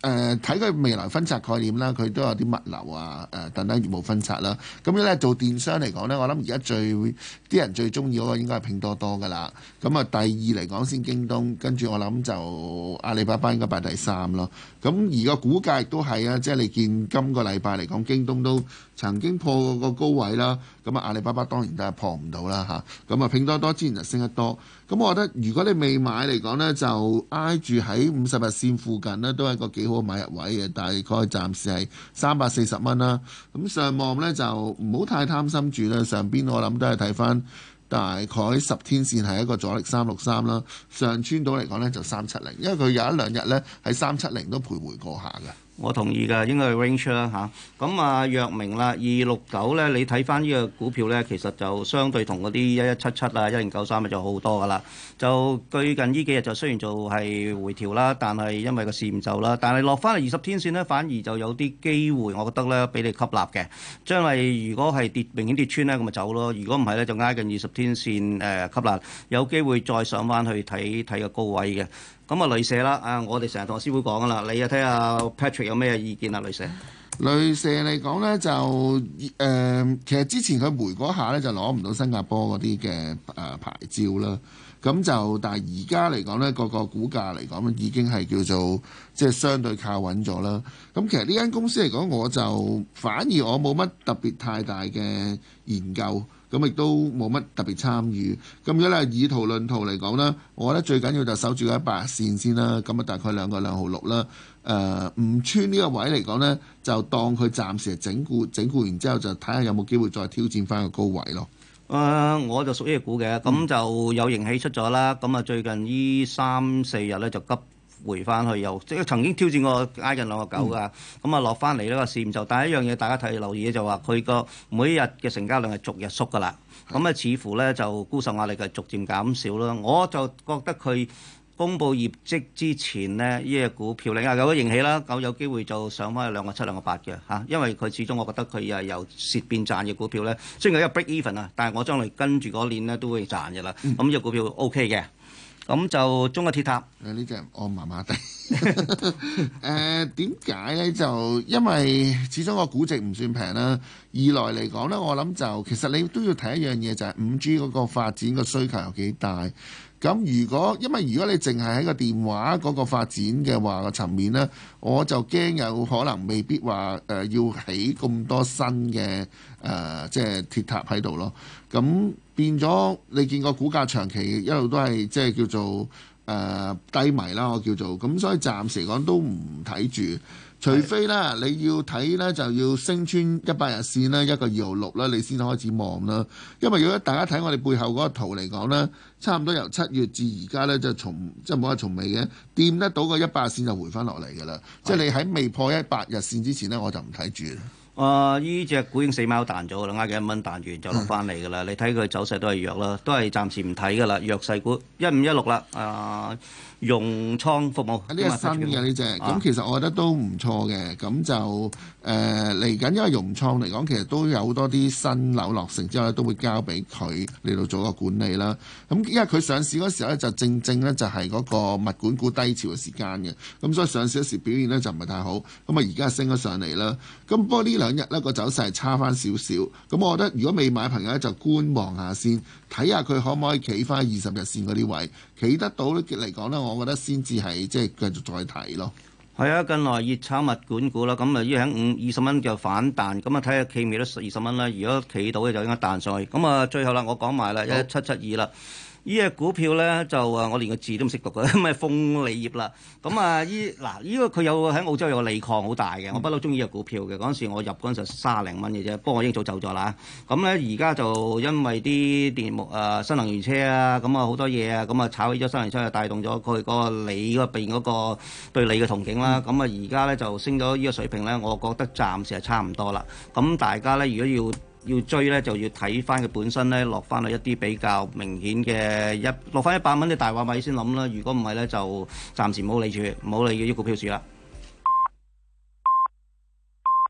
誒睇佢未來分拆概念啦，佢都有啲物流啊，誒、呃、等等業務分拆啦。咁、嗯、咧做電商嚟講咧，我諗而家最啲人最鍾意嗰個應該係拼多多噶啦。咁、嗯、啊，第二嚟講先，京東，跟住我諗就阿里巴巴應該排第三咯。咁而個股價亦都係啊，即係你見今個禮拜嚟講，京東都曾經破過個高位啦。咁啊，阿里巴巴當然都係破唔到啦嚇。咁啊，拼多多之前就升得多。咁、啊、我覺得如果你未買嚟講呢，就挨住喺五十日線附近呢，都係一個幾好買入位嘅。大概暫時係三百四十蚊啦。咁、啊、上望呢，就唔好太貪心住啦。上邊我諗都係睇翻。大概十天線係一個阻力三六三啦，上穿到嚟講咧就三七零，因為佢有一兩日咧喺三七零都徘徊過下嘅。我同意㗎，應該係 range 啦嚇。咁啊，若明啦，二六九咧，你睇翻呢個股票咧，其實就相對同嗰啲一一七七啊、一零九三啊就好多㗎啦。就最近呢幾日就雖然就係回調啦，但係因為個市唔走啦，但係落翻嚟二十天線咧，反而就有啲機會，我覺得咧，俾你吸納嘅。將嚟如果係跌明顯跌穿咧，咁咪走咯；如果唔係咧，就挨近二十天線誒、呃、吸納，有機會再上翻去睇睇個高位嘅。咁啊，雷射啦！啊，我哋成日同阿師傅講㗎啦，你又睇下、啊、Patrick 有咩意見啊？雷蛇雷蛇嚟講咧，就誒、呃，其實之前佢回嗰下咧，就攞唔到新加坡嗰啲嘅誒牌照啦。咁就但係而家嚟講咧，個個股價嚟講已經係叫做即係、就是、相對靠穩咗啦。咁其實呢間公司嚟講，我就反而我冇乜特別太大嘅研究。咁亦都冇乜特別參與。咁如果咧以圖論圖嚟講咧，我覺得最緊要就守住嗰一百線先啦。咁啊，大概兩個兩毫六啦。誒，唔穿呢個位嚟講呢，就當佢暫時整固，整固完之後就睇下有冇機會再挑戰翻個高位咯。誒、呃，我就屬於係股嘅，咁就有形起出咗啦。咁啊、嗯，最近呢三四日咧就急。回翻去又即係曾經挑戰過挨近兩個九㗎，咁啊落翻嚟呢個線就。但一樣嘢大家睇留意嘅就話，佢個每日嘅成交量係逐日縮㗎啦。咁啊、嗯，似乎咧就沽售壓力係逐漸減少啦。我就覺得佢公布業績之前呢，呢、這、隻、個、股票嚟啊有啲勁起啦，咁有機會就上翻去兩個七兩個八嘅嚇。因為佢始終我覺得佢又係由蝕變賺嘅股票咧。雖然佢一個 break even 啊，但係我將來跟住嗰年咧都會賺㗎啦。咁呢隻股票 OK 嘅。嗯咁就中國鐵塔，呢隻我麻麻地，誒點解呢？就因為始終個估值唔算平啦。二來嚟講呢我諗就其實你都要睇一樣嘢，就係五 G 嗰個發展個需求有幾大。咁如果，因為，如果你淨係喺個電話嗰個發展嘅話個層面咧，我就驚有可能未必話誒、呃、要起咁多新嘅誒、呃、即係鐵塔喺度咯。咁變咗你見個股價長期一路都係即係叫做誒、呃、低迷啦，我叫做咁，所以暫時講都唔睇住。除非咧，你要睇咧，就要升穿一百日線啦，一個二號六咧，你先開始望啦。因為如果大家睇我哋背後嗰個圖嚟講咧，差唔多由七月至而家咧，就從即係冇話從尾嘅，掂得到個一百日線就回翻落嚟嘅啦。是的 即係你喺未破一百日線之前咧，我就唔睇住。啊、呃，呢隻股已經死貓彈咗啦，挨幾蚊彈完就落翻嚟嘅啦。 你睇佢走勢都係弱啦，都係暫時唔睇噶啦，弱勢股一五一六啦，啊。呃融創服務呢個新嘅呢隻，咁、啊、其實我覺得都唔錯嘅，咁就誒嚟緊因為融創嚟講，其實都有好多啲新樓落成之後咧，都會交俾佢嚟到做個管理啦。咁因為佢上市嗰時候咧，就正正咧就係嗰個物管股低潮嘅時間嘅，咁所以上市嗰時表現咧就唔係太好。咁啊而家升咗上嚟啦。咁不過兩呢兩日咧，個走勢係差翻少少。咁我覺得如果未買朋友咧就觀望下先。睇下佢可唔可以企翻二十日線嗰啲位，企得到嚟講呢，我覺得先至係即係繼續再睇咯。係啊，近來熱炒物管股啦，咁啊依喺五二十蚊就5，反彈，咁啊睇下企未得二十蚊啦。如果企到嘅就應該彈上去。咁啊最後啦，我講埋啦，一七七二啦。呢個股票咧就啊，我連個字都唔識讀嘅，咪鋁業啦。咁啊，依嗱依個佢有喺澳洲有個鋁礦好大嘅，我不嬲中意依個股票嘅。嗰陣時我入嗰陣時卅零蚊嘅啫，不過我已經早走咗啦。咁咧而家就因為啲電木啊、呃、新能源車啊，咁啊好多嘢啊，咁啊炒起咗新能源車，就帶動咗佢個鋁嗰邊嗰個對鋁嘅憧憬啦。咁啊而家咧就升咗依個水平咧，我覺得暫時係差唔多啦。咁大家咧如果要，要追呢，就要睇翻佢本身呢，落翻一啲比較明顯嘅一落翻一百蚊嘅大話位先諗啦。如果唔係呢，就暫時冇理住，冇理嘅一股票市啦。